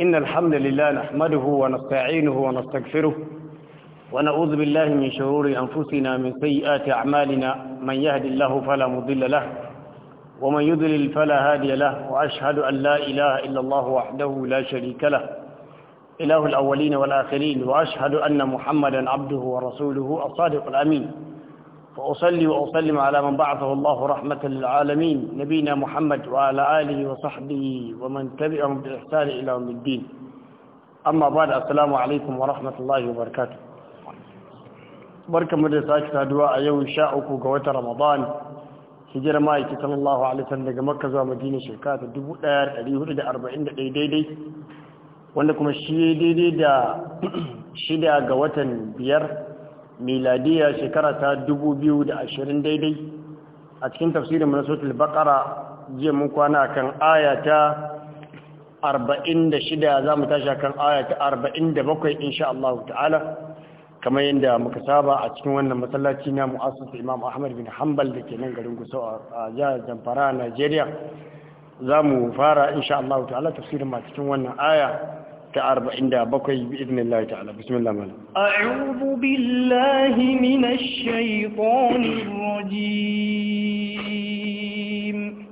إن الحمد لله نحمده ونستعينه ونستغفره ونعوذ بالله من شرور أنفسنا من سيئات أعمالنا من يهد الله فلا مضل له ومن يضلل فلا هادي له وأشهد أن لا إله إلا الله وحده لا شريك له إله الأولين والآخرين وأشهد أن محمدا عبده ورسوله الصادق الأمين وأصلي وأسلم على من بعثه الله رحمة للعالمين نبينا محمد وعلى آله وصحبه ومن تبعهم بإحسان إلى يوم الدين أما بعد السلام عليكم ورحمة الله وبركاته بركة مدرسة أدواء يوم شاءكم قوة رمضان hijirar ma'aiki sallallahu alaihi wasallam daga makka zuwa madina shekara ta 1441 daidai wanda kuma shi daidai da shida ga watan biyar miladiya shekara ta ashirin daidai a cikin tafsirin manasotul bakara jiya mun kwana kan aya ta shida za mu tashi kan aya ta bakwai insha Allah ta'ala kamar yadda muka saba a cikin wannan masallaci na mu'asasa Imam Ahmad bin Hambal da ke nan garin Gusau a jihar Zamfara Najeriya za mu fara insha Allah ta'ala tafsirin ma cikin wannan aya كأربعين عند بكي بإذن الله تعالى بسم الله مالك أعوذ بالله من الشيطان الرجيم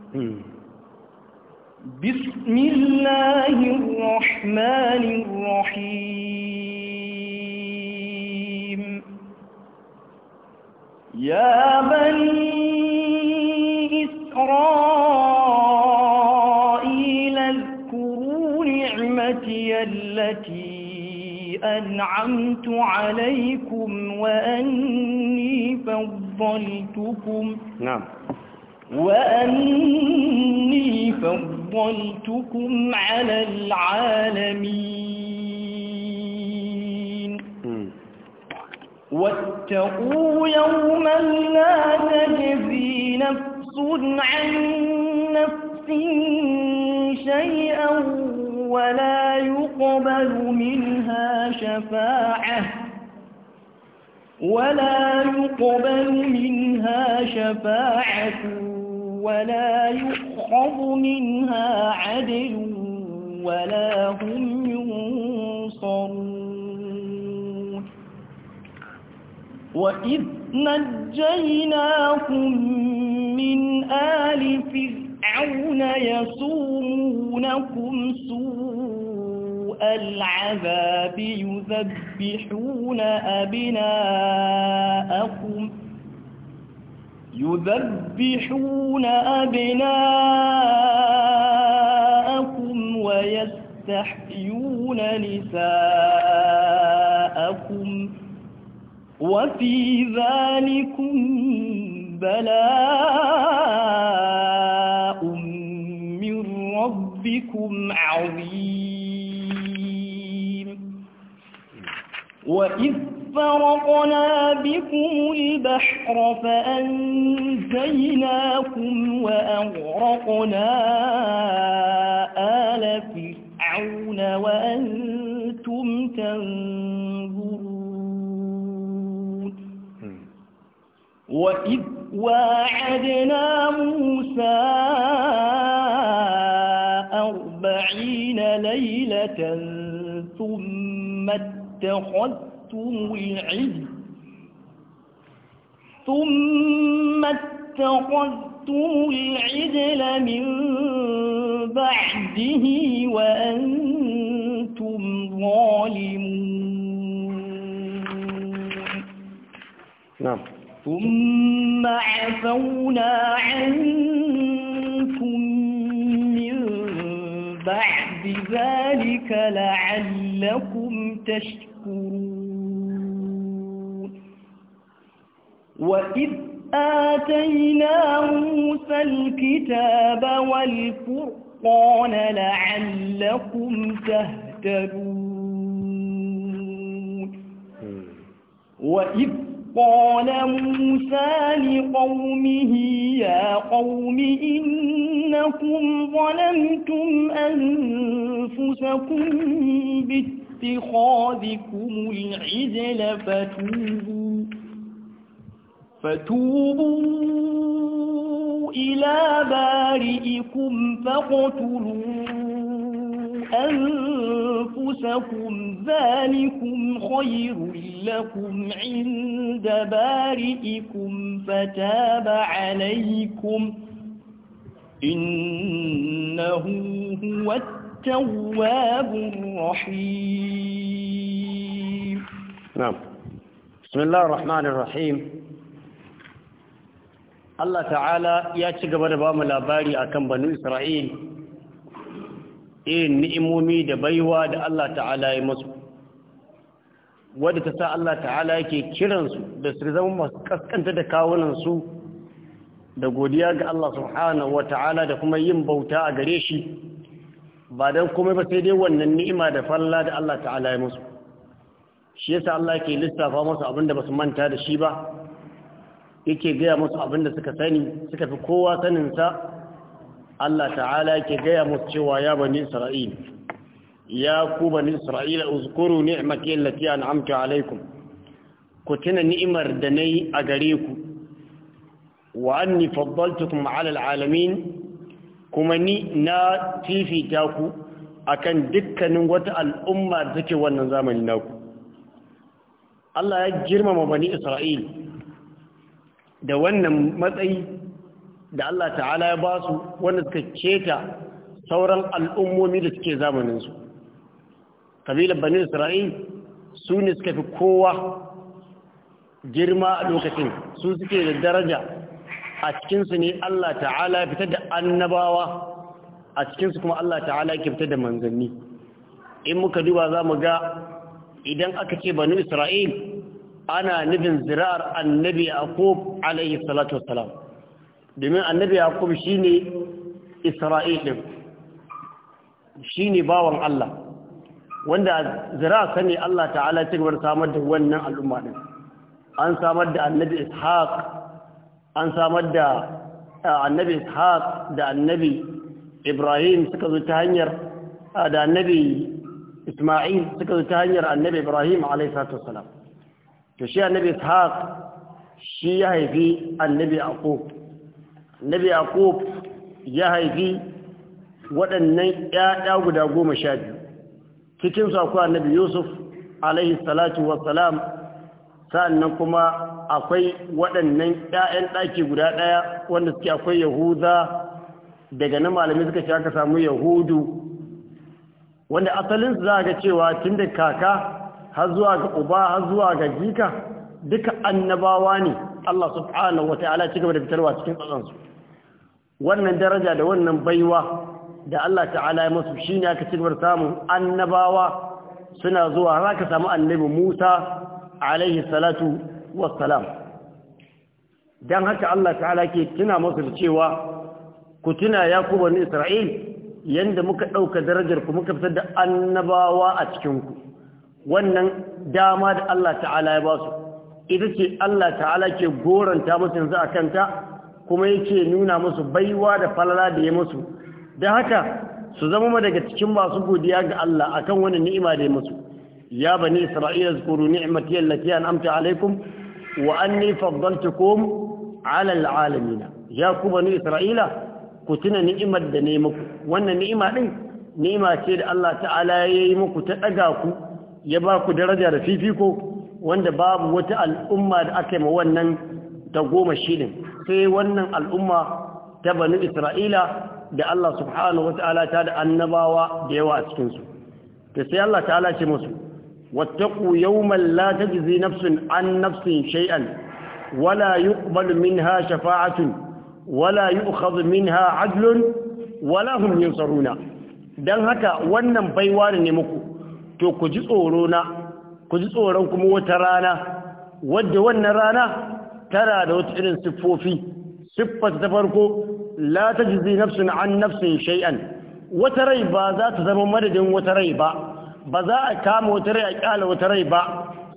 بسم الله الرحمن الرحيم يا بني إسرائيل نعمتي التي أنعمت عليكم وأني فضلتكم نعم وأني فضلتكم على العالمين واتقوا يوما لا تجزي نفس عن نفس شيئا ولا يقبل منها شفاعة ولا يقبل منها شفاعة ولا يؤخذ منها عدل ولا هم ينصرون وإذ نجيناكم من آل فرعون فرعون يسومونكم سوء العذاب يذبحون أبناءكم يذبحون أبناءكم ويستحيون نساءكم وفي ذلكم بلاء من ربكم عظيم وإذ فرقنا بكم البحر فأنزيناكم وأغرقنا آل فرعون وأنتم تنظرون وإذ واعدنا موسى أربعين ليلة ثم اتخذتم العلم ثم اتخذتم العجل من بعده وأنتم ظالمون نعم ثم عفونا عنكم من بعد ذلك لعلكم تشكرون وإذ آتينا موسى الكتاب والفرقان لعلكم تهتدون hmm. وإذ قال موسى لقومه يا قوم إنكم ظلمتم أنفسكم باتخاذكم العجل فتوبوا فتوبوا إلى بارئكم فاقتلوا أنفسكم ذلكم خير لكم عند بارئكم فتاب عليكم إنه هو التواب الرحيم نعم بسم الله الرحمن الرحيم الله تعالى يا ci بام da ba بنو إسرائيل irin ni'imomi da baiwa da Allah ta'ala ya masu wadda ta sa Allah ta'ala yake kiransu da su zama masu kaskanta da kawunansu da godiya ga Allah subhanahu wa ta'ala da kuma yin bauta a gare shi ba don kuma ba sai dai wannan ni'ima da falla da Allah ta'ala ya masu. shi yasa Allah ke lissafa masu abin da ba su manta da shi ba yake gaya masu abin da suka sani suka fi kowa saninsa Allah ta'ala ke gaya musu cewa ya bani Isra'il ya ku bani Isra'il uzkuru ni'mati allati an'amtu alaikum ku tuna ni'imar da nayi a gare ku wa anni faddaltukum 'ala al'alamin kuma ni na fifita ku akan dukkanin wata al'umma da take wannan zamanin naku Allah ya girmama bani Isra'il da wannan matsayi da Allah ta'ala ya ba su wanda suka keta sauran al'ummomi da suke zamaninsu kabilar bani isra'il su ne suka fi kowa girma a lokacin su suke da daraja a cikinsu ne Allah ta'ala ya fitar da annabawa a cikinsu kuma Allah ta'ala ya fitar da manzanni in muka duba za mu ga idan aka ce bani isra'il ana nufin zira'ar annabi a kof alaihi salatu wasalam domin annabi yaqub shine isra'il din shine bawan Allah wanda zira sani Allah ta'ala ya ta gabar samar da wannan al'umma din an samar da annabi ishaq an samar da annabi ishaq da annabi ibrahim suka zo ta hanyar da annabi isma'il suka zo ta hanyar annabi ibrahim alayhi salatu wassalam to shi annabi ishaq shi ya haifi annabi aqub nabi yaqub ya haifi waɗannan 'ya'ya guda goma sha biyu cikin su akwai annabi yusuf alaihi salatu wassalam sannan kuma akwai waɗannan 'ya'yan ɗaki guda ɗaya wanda suke akwai yahuda daga nan malamai suka ce samu yahudu wanda asalin za ga cewa tun da kaka har zuwa ga uba har zuwa ga jika duka annabawa ne Allah subhanahu wataala ya ci da fitarwa cikin tsatsansu wannan daraja da wannan baiwa da Allah ta'ala ya shi ne aka cigaba samun annabawa suna zuwa za ka samu annabi Musa alaihi salatu wassalam dan haka Allah ta'ala ke tuna masu cewa ku tuna Yakubu ne Isra'il yanda muka ɗauka darajar ku muka fitar da annabawa a cikin ku wannan dama da Allah ta'ala ya ba su ita ce Allah ta'ala ke goranta masu yanzu kanta? kuma yake nuna musu baiwa da falala da ya musu da haka su zama daga cikin masu godiya ga Allah akan wani ni'ima da ya musu ya bani isra'ila zkuru ni'mati allati an'amta alaikum wa anni faddaltukum ala alalamin ya ku bani isra'ila ku tuna ni'imar da ne muku wannan ni'ima din ni'ima ce da Allah ta'ala ya yi muku ta daga ku ya ba ku daraja da fifiko wanda babu wata al'umma da aka yi ma wannan ta goma shi din sai wannan al'umma ta Bani isra'ila da Allah subhanahu wata'ala ta da annabawa da yawa a cikinsu ta sai Allah ta'ala ce musu wattaku yawman la tajzi nafsun an nafsin shay'an wala yuqbalu minha shafa'atun wala yu'khadhu ha 'adlun wala hum yunsaruna dan haka wannan baiwa ne muku to ku ji tsoro na ku ji tsoron kuma wata rana wadda wannan rana tana da wata irin siffofi siffar ta farko la tajzi nafsun an nafsin shay'an wata rai ba za ta zama madadin wata rai ba ba za a kama wata rai a kyala wata rai ba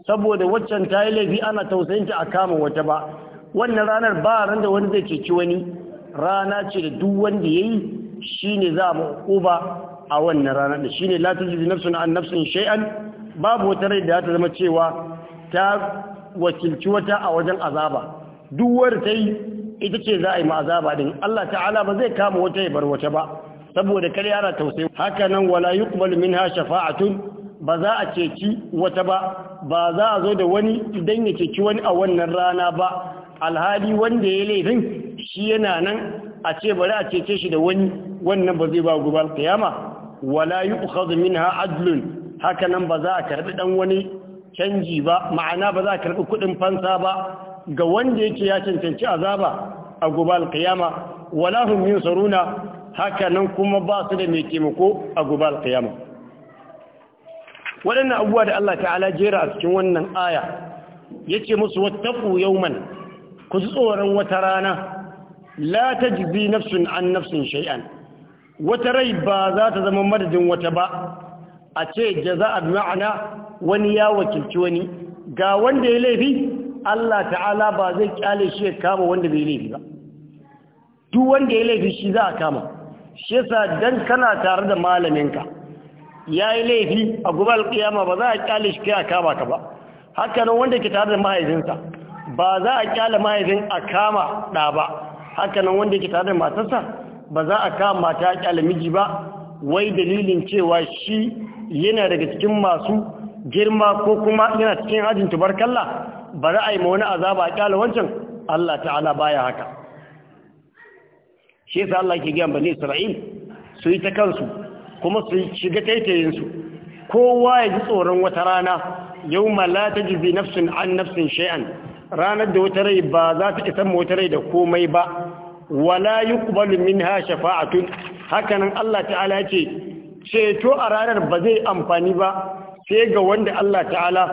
saboda waccan ta yi laifi ana tausayin ta a kama wata ba wannan ranar ba ran da wani zai ceci wani rana ce da duk wanda yayi ne za mu uba a wannan ranar da shine la tajzi nafsun an nafsin shay'an babu wata rai da ta zama cewa ta wakilci wata a wajen azaba duk wadda ta yi ita ce za a yi ma azaba din Allah ta'ala ba zai kama wata ya bar wata ba saboda kar yana tausayi haka nan wala yuqbal minha shafa'atun ba za a ceci wata ba ba za a zo da wani idan ya ceci wani a wannan rana ba alhali wanda ya laifin shi yana nan a ce bari a cece shi da wani wannan ba zai ba gubar kiyama wala yu'khadhu minha adlun haka nan ba za a karbi dan wani canji ba ma'ana ba za a karɓi kuɗin fansa ba ga wanda yake ya cancanci azaba a gobe alkiyama wala hum yunsaruna haka nan kuma ba su da mai taimako a gobe alkiyama waɗannan abubuwa da Allah ta'ala jera a cikin wannan aya yace musu wattaqu yawman ku ji tsoron wata rana la tajzi nafsun an nafsin shay'an wata rai ba za ta zama madadin wata ba a ce jaza'ar ma'ana wani ya wakilci wani ga wanda ya laifi Allah ta'ala ba zai kyale shi ya kama wanda bai laifi ba duk wanda ya laifi shi za a kama shi yasa dan kana tare da malaminka ya yi laifi a guba kiyama ba za a kyale shi ya kama ka ba haka nan wanda ke tare da mahaifinsa ba za a kyale mahaifin a kama ɗa ba haka wanda ke tare da matarsa ba za a kama mata a kyale miji ba wai dalilin cewa shi yana daga cikin masu girma ko kuma yana cikin ajin tubarkalla ba za a yi ma wani azaba a kyala wancan Allah ta'ala baya haka shi yasa Allah ke gyan bani Isra'il su yi ta kansu kuma su shiga taitayinsu kowa ya ji tsoron wata rana yau ma la ta jizi nafsin an nafsin shay'an ranar da wata rai ba za ta isan wata rai da komai ba wala yuqbalu tun shafa'atun hakanan Allah ta'ala ce ceto a ranar ba zai amfani ba sai ga wanda Allah ta'ala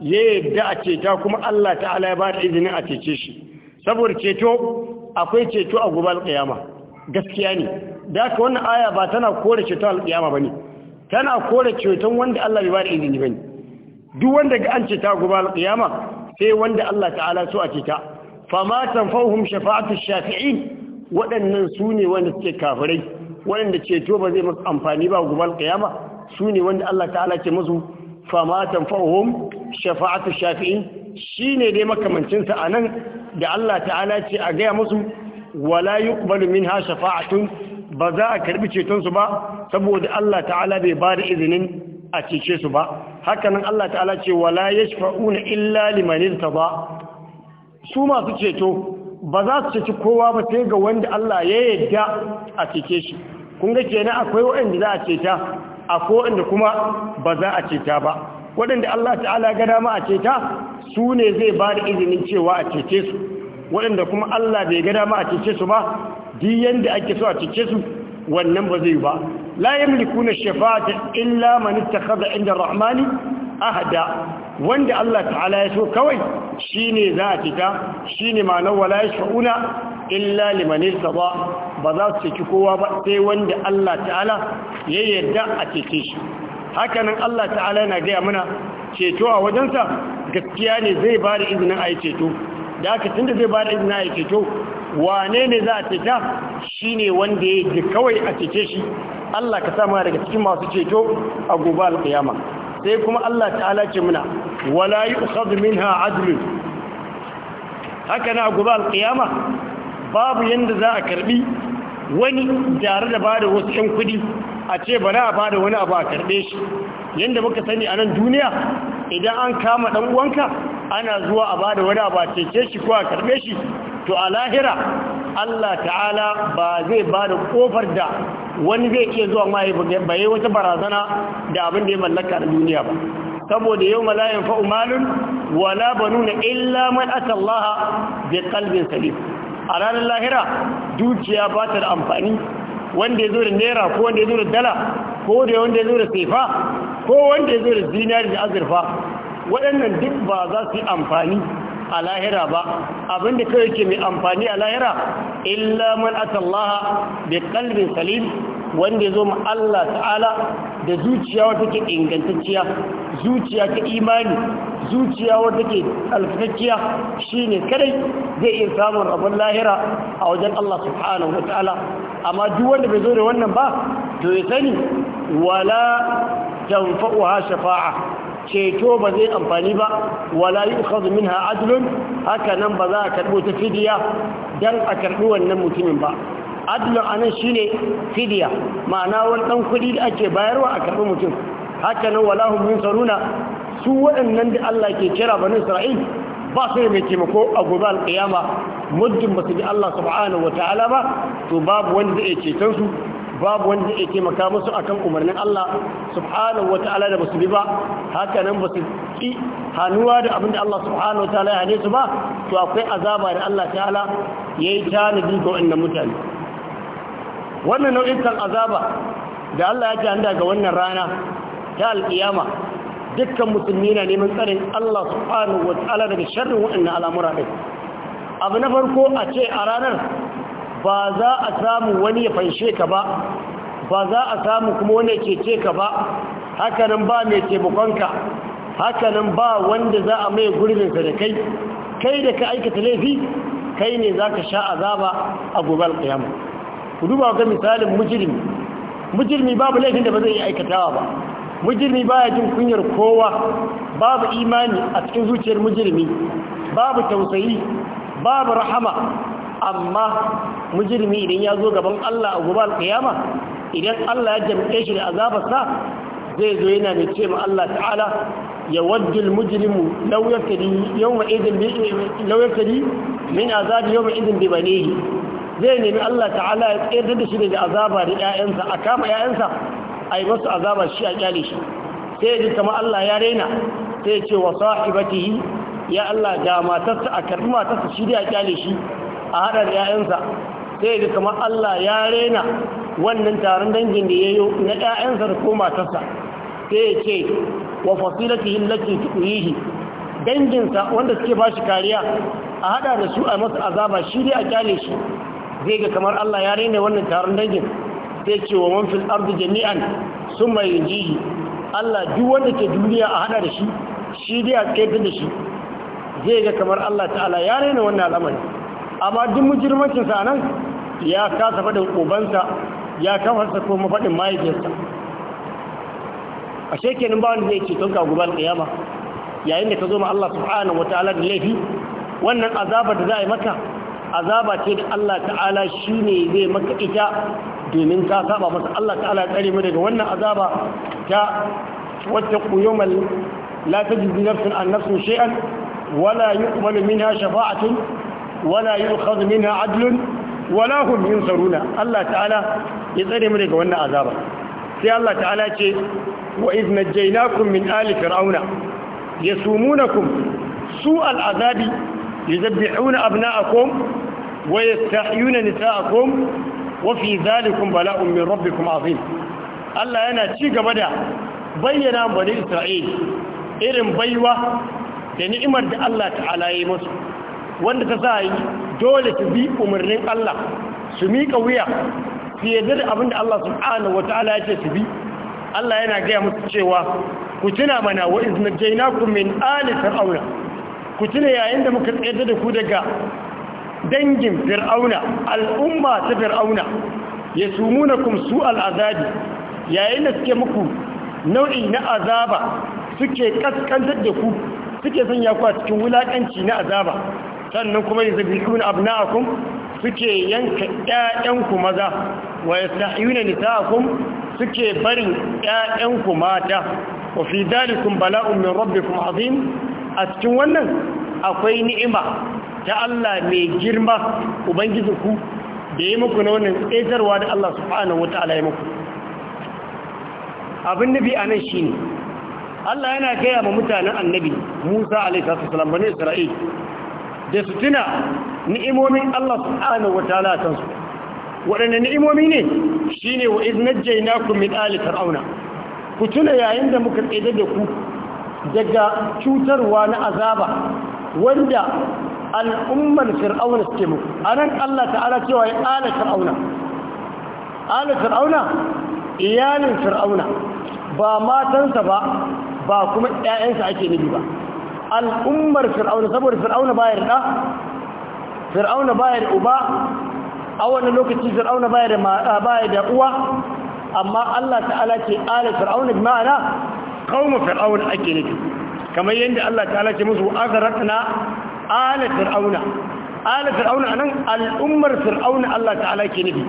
ya yadda a ceta kuma Allah ta'ala ya ba da izinin a cece shi saboda ceto akwai ceto a gobe alƙiyama gaskiya ne da ka wannan aya ba tana kore ceto alƙiyama ba ne tana kore ceton wanda Allah ya ba da izini ba ne duk wanda ga an ceta gobe alƙiyama sai wanda Allah ta'ala so a ceta fama tanfauhum shafa'atu shafi'in waɗannan su ne wanda suke kafirai wanda ceto ba zai masu amfani ba gubal kiyama su ne wanda Allah ta'ala ce musu fama tanfa'uhum shafa'atu shafi'in ne dai makamancin a nan da Allah ta'ala ce a gaya musu wala yuqbalu minha shafa'atun ba za a karɓi ceton su ba saboda Allah ta'ala bai ba da izinin a cece su ba hakanan Allah ta'ala ce wala yashfa'una illa liman ba su masu ceto ba za su ci kowa ba sai ga wanda Allah ya yadda a cike shi kun ga kenan akwai waɗanda za a ceta akwai waɗanda kuma ba za a ceta ba waɗanda Allah ta'ala ga dama a ceta su ne zai ba da izinin cewa a cece su waɗanda kuma Allah bai ga dama a cece su ba duk yadda ake so a cece su wannan ba zai ba la shafa'a ta illa man ittakhadha inda ar-rahmani ahada wanda Allah ta'ala ya so kawai shine za a fita shine ma'anar wala sha'una illa liman irtada ba za su ciki kowa ba sai wanda Allah ta'ala ya yarda a cike shi hakanan Allah ta'ala yana gaya mana ceto a wajensa gaskiya ne zai ba da izinin a yi ceto da aka tun da zai ba da izinin a yi ceto wane ne za a ceta shi wanda ya yi kawai a cike shi Allah ka sama daga cikin masu ceto a gobe alkiyama sai kuma Allah ta'ala ce muna wala yu'khadhu minha adlun haka na gobe alƙiyama, babu yanda za a karbi wani tare da ba da wasu 'yan kudi a ce ba na ba da wani abu a karbe shi yadda muka sani a nan duniya idan an kama ɗan uwanka ana zuwa a ba da wani abu a cece shi ko a karbe shi to a lahira Allah ta'ala ba zai ba da ƙofar da wani zai iya zuwa ma yi wata barazana da abin da ya mallaka a duniya ba saboda yau malayin fa'umalin wala banuna illa man asallaha bi kalbin salim a ranar lahira dukiya ba ta da amfani wanda ya zo da naira ko wanda ya zo da dala ko da wanda ya zo da sefa ko wanda ya zo da zinari da azurfa waɗannan duk ba za su yi amfani a lahira ba abinda kawai ke mai amfani a lahira illa man atallaha bi qalbin salim wanda ya zo ma Allah ta'ala da zuciya wata ke ingantacciya zuciya ta imani zuciya wata ke alfatacciya shi ne kadai zai iya samun abin lahira a wajen Allah subhanahu wata'ala amma duk wanda bai zo da wannan ba to ya sani wala tanfa'uha shafa'a ceto ba zai amfani ba wala yu'khadhu ha adlun haka nan ba za a karɓi ta fidiya dan a karbi wannan mutumin ba adlun nan shine fidiya ma'ana wani ɗan kuɗi da ake bayarwa a karɓi mutum haka nan wala hum yunsaruna su waɗannan da Allah ke kira bani Isra'il ba su mai taimako a gobe alƙiyama muddin ba su bi Allah subhanahu wataala ba to babu wanda zai ceton su babu wanda zai taimaka musu akan umarnin Allah subhanahu wataala da basu bi ba Hakanan basu ki hanuwa da abinda Allah subhanahu wataala ya hane su ba to akwai azaba da Allah ta'ala yayi tanadi ga wannan mutane wannan nau'in azaba da Allah ya tanda ga wannan rana ta alkiyama dukkan musulmi na neman tsarin Allah subhanahu wataala daga sharrin waɗannan al'amura din abu na farko a ce a ranar ba za a samu wani ya fanshe ka ba ba za a samu kuma wani ya ce ka ba hakanan ba mai taimakonka hakanan ba wanda za a mai gurbinsa da kai kai da ka aikata laifi kai ne za ka sha azaba a gobe alƙiyama ku duba ga misalin mujirmi mujirmi babu laifin da ba zai aikatawa ba mujirmi baya jin kunyar kowa babu imani a cikin zuciyar mujirmi babu tausayi babu rahama amma mujirmi idan ya zo gaban Allah a gobe alƙiyama idan Allah ya jam'e shi da azabarsa zai zo yana mai ce ma Allah ta'ala ya waddul mujrimu law min azabi yawma idin bi banihi zai nemi Allah ta'ala ya tsayar da shi da azaba da 'ya'yansa a kama 'ya'yansa a yi masu azaba shi a kyale shi sai ji kama Allah ya raina sai ce wa sahibatihi ya Allah da matarsa a karbi matarsa shi da ya kyale shi a haɗa da 'ya'yansa sai ga kamar Allah ya rena wannan taron dangin da ya yi na 'ya'yansa da ko matarsa sai ya ce wa fasilati hillaki tukuyihi danginsa wanda suke ba shi kariya a haɗa da su a masa azaba shi dai a kyale shi zai ga kamar Allah ya rena wannan taron dangin sai ce wa man fil ardi jami'an summa jihi, Allah duk wanda ke duniya a haɗa da shi shi dai a kaita da shi zai ga kamar Allah ta'ala ya rena wannan al'amari amma duk mujirmancin sa nan ya kasa faɗin ubansa ya kafarsa ko mafaɗin mahaifiyarsa a shekenin bawan zai ce tonka guban kiyama yayin da ka zo ma Allah subhanahu wa ta'ala da laifi wannan azaba da za a yi maka azaba ce da Allah ta'ala shi ne zai maka ita domin ka saba masa Allah ta'ala tsare mu daga wannan azaba ta wata kuyumal la tajzi nafsun an nafsun shay'an wala yuqbalu minha shafa'atun wala yukhadh minha adlun wala hum yunsaruna Allah ta'ala ya tsare mu daga wannan azaba sai Allah ta'ala ce wa idh najaynakum min ali fir'auna yasumunakum su'al azabi yuzabbihuna abna'akum wa yastahyuna nisa'akum wa fi dhalikum bala'un min rabbikum 'azim Allah yana ci gaba da bayyana bani Isra'il irin baiwa da ni'imar da Allah ta'ala ya yi musu wanda ta a yi dole su bi umarnin Allah su miƙa wuya fiye da da abin da Allah subhanahu ta'ala ya ce su bi Allah yana gaya musu cewa ku tuna mana wa ku min ali fir'auna ku tuna yayin da muka tsayar da ku daga dangin fir'auna al'umma ta fir'auna ya yasumunakum su al'azabi yayin da suke muku nau'i na azaba suke kaskantar da ku suke sanya ku a cikin wulakanci na azaba sannan kuma yuzbihuna abna'akum suke yanka ƴaƴanku maza wa yastahiyuna nisa'akum suke barin ƴaƴanku mata wa fi dalikum bala'un min rabbikum azim a cikin wannan akwai ni'ima ta Allah mai girma ku. da yi muku na wannan tsetarwa da Allah subhanahu wata'ala ya muku abin nufi a nan shi ne. Allah yana gaya ma mutanen annabi Musa alaihi salatu wasallam bane Isra'il da su tuna ni'imomin Allah subhanahu wataala kan su waɗanne ni'imomi ne shine wa idh min ali fir'auna ku tuna yayin da muka tsaye da ku daga cutarwa na azaba wanda al'ummar fir'auna suke muku anan Allah ta'ala cewa ya ala fir'auna ala fir'auna iyalin fir'auna ba matansa ba ba kuma ƴaƴansa ake nufi ba al'ummar fir'auna saboda fir'auna bayar da fir'auna bayar uba a wannan lokaci fir'auna bayar da uwa amma Allah ta'ala ce ala fir'auna bi ma'ana qauma fir'auna ake nufi kamar yadda Allah ta'ala ce musu azratna ala fir'auna ala fir'auna anan al'ummar fir'auna Allah ta'ala ke nufi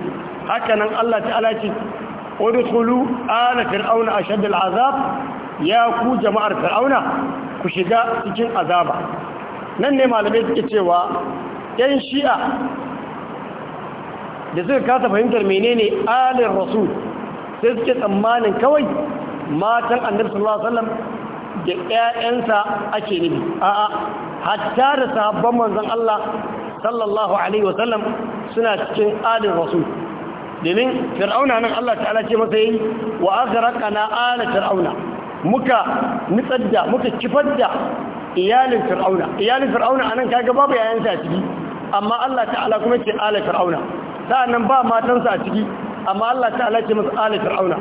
haka nan Allah ta'ala ce wani kulu, ala fir'auna ashad al'azab ya ku jama'ar fir'auna ku shiga cikin azaba nan ne malamai suke cewa yan shi'a da suka kasa fahimtar menene alin rasul sai suke tsammanin kawai matan annabi sallallahu alaihi wasallam da ƴaƴansa ake nufi a'a hatta da sahabban manzon Allah sallallahu alaihi wasallam suna cikin alin rasul domin fir'auna nan Allah ta'ala ce masa yayi wa azraqna ala fir'auna muka nitsar da muka kifar da iyalin fir'auna iyalin fir'auna anan kaga babu yayansa a ciki amma Allah ta'ala kuma ce ala fir'auna sa'annan ba matansa a ciki amma Allah ta'ala ce masa ala fir'auna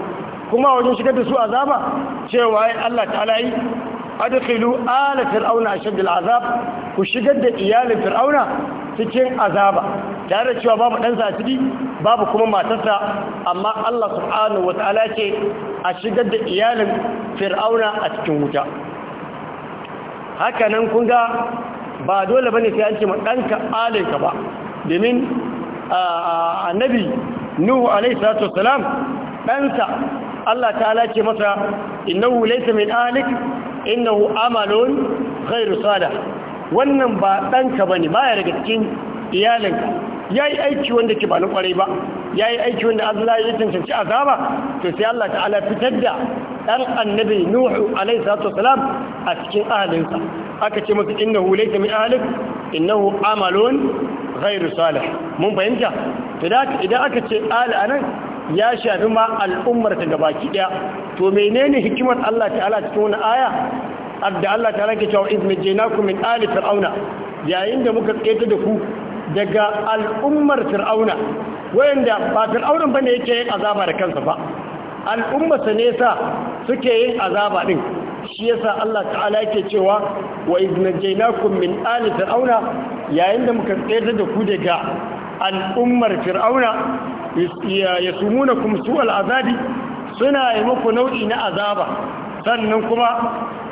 kuma wajen shigar da su azaba cewa Allah ta'ala yi adkhilu ala fir'auna ashaddal azab ku shigar da iyalin fir'auna cikin azaba tare da cewa babu ɗansa a ciki babu kuma matarsa amma Allah subhanahu wa ta'ala ce a shigar da iyalin fir'auna a cikin wuta haka nan kun ga ba dole bane sai an ce ma ɗanka alinka ba domin annabi nuhu alaihi salatu wassalam ɗansa Allah ta'ala ce masa innahu laysa min alik, innahu amalun ghairu salih wannan ba ɗanka ba ne ba ya daga cikin iyalinka ya yi aiki wanda ke ba na kwarai ba ya yi aiki wanda azula ya cancanci azaba to sai Allah ala fitar da ɗan annabi nuhu alaihi salatu wasalam a cikin ahalinsa aka ce masa innahu laysa min ahlik innahu amalun ghairu salih mun fahimta to da idan aka ce ala anan ya shafi ma al'ummar ta gabaki daya to menene hikimar Allah ta'ala cikin wannan aya da Allah ta rake cewa izmi jenakum min ali fir'auna yayin da muka tsaye da ku daga al'ummar fir'auna wayanda ba fir'auna bane yake yin azaba da kansa ba al'ummarsa ne sa suke yin azaba din shi yasa Allah ta'ala yake cewa wa izmi jenakum min ali fir'auna yayin da muka tsaye da ku daga al'ummar fir'auna yasumuna kum su'al azabi suna yi muku nau'i na azaba sannan kuma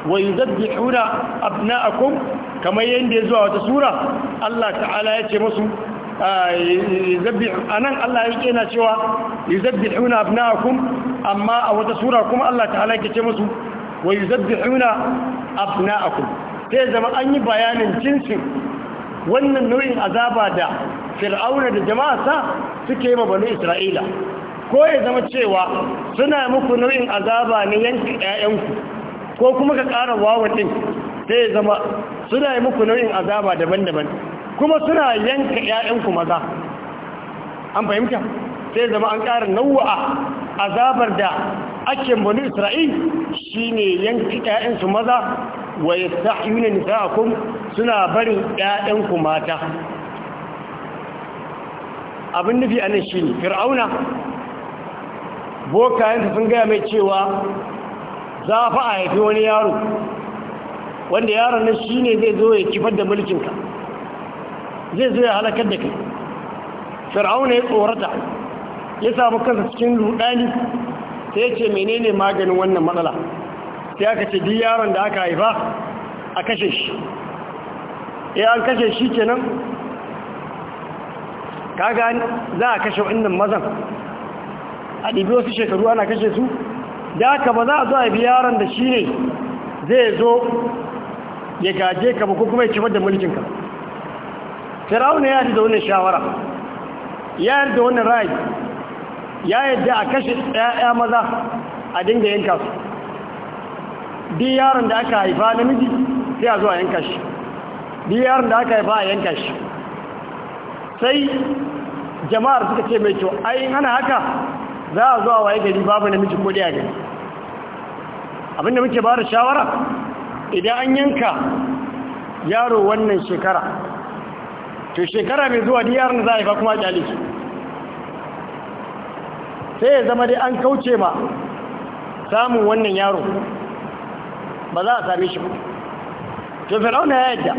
wa yuzabbihuna abna'akum kamar yanda ya zuwa wata sura Allah ta'ala ya ce musu anan Allah ya yana cewa yuzabbihuna abna'akum amma a wata sura kuma Allah ta'ala ya ce musu wa yuzabbihuna abna'akum sai zama an yi bayanin jinsin wannan nau'in azaba da fir'auna da jama'arsa suke ma bani isra'ila ko ya zama cewa suna muku nau'in azaba ne yanki 'ya'yanku ko kuma ka ƙara wawan ɗin sai zama suna yi muku nau'in azaba daban-daban kuma suna yanka 'ya'yanku maza an fahimta sai zama an ƙara nau'a azabar da ake bani isra'il ne yanka 'ya'yansu maza wa yastahiyuna nisa'akum suna barin 'ya'yanku mata abin nufi anan ne fir'auna bokayensa sun gaya mai cewa za fa a haifi wani yaro wanda yaron nan shi ne zai zo ya kifar da mulkinka zai zo ya halakar da kai fir'auna ya tsorata ya samu kansa cikin ludani sai ya ce menene maganin wannan matsala sai aka ce duk yaron da aka haifa a kashe shi ya eh, an kashe shi kenan kaga za a kashe wannan mazan a ɗibi wasu shekaru ana kashe su da aka ba za a zo a bi yaron da shi ne zai zo ya gaje ka ba ko kuma ya cimar da mulkinka firawuna ya ji da wannan shawara ya yarda wannan rai ya yarda a kashe ya maza a dinga yanka su bi yaron da aka haifa namiji sai a zo a yanka shi Bi yaron da aka haifa a yanka shi sai jama'ar suka ce mai kyau ai hana haka za a zuwa waye gari babu namiji ko daya gari abinda muke ba da shawara idan an yanka yaro wannan shekara to shekara mai zuwa diyar na za a yi ba kuma kyale su sai ya zama dai an kauce ma samun wannan yaro ba za a same shi ba to fir'auna ya yadda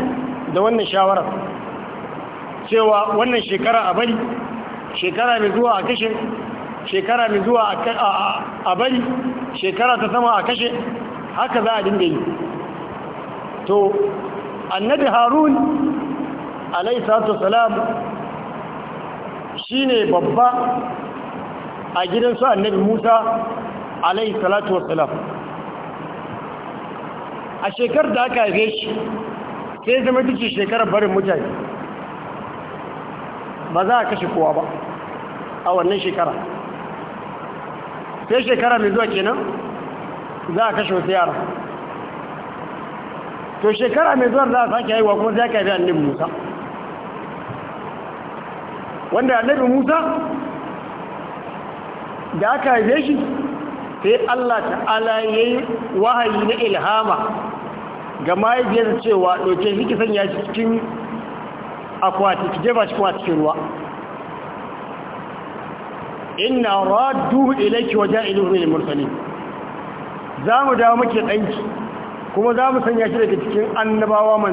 da wannan shawarar cewa wannan shekara a bari shekara mai zuwa a kashe shekara mai zuwa a bari shekara ta sama a kashe haka za a dinga yi to annabi harun alaihissalatu salam shi ne babba a gidansu annabi musa alaihissalatu wasalam a shekar da aka haife shi sai zama duki shekarar barin mutane ba za a kashe kowa ba a wannan shekara sai shekara mai zuwa kenan za a kashe wasu yara to shekara mai zuwa za a sake haihuwa kuma za ka haifi annabi musa wanda annabi musa da aka haife shi sai allah ta'ala ya yi wahayi na ilhama ga mahaifiyar cewa ɗauke shi kisan sanya cikin akwati ki jefa cikin kuma cikin ruwa inna radduhu ilayki wa ja'iluhu min al-mursalin za mu muke danki kuma za mu sanya shi daga cikin annabawa mu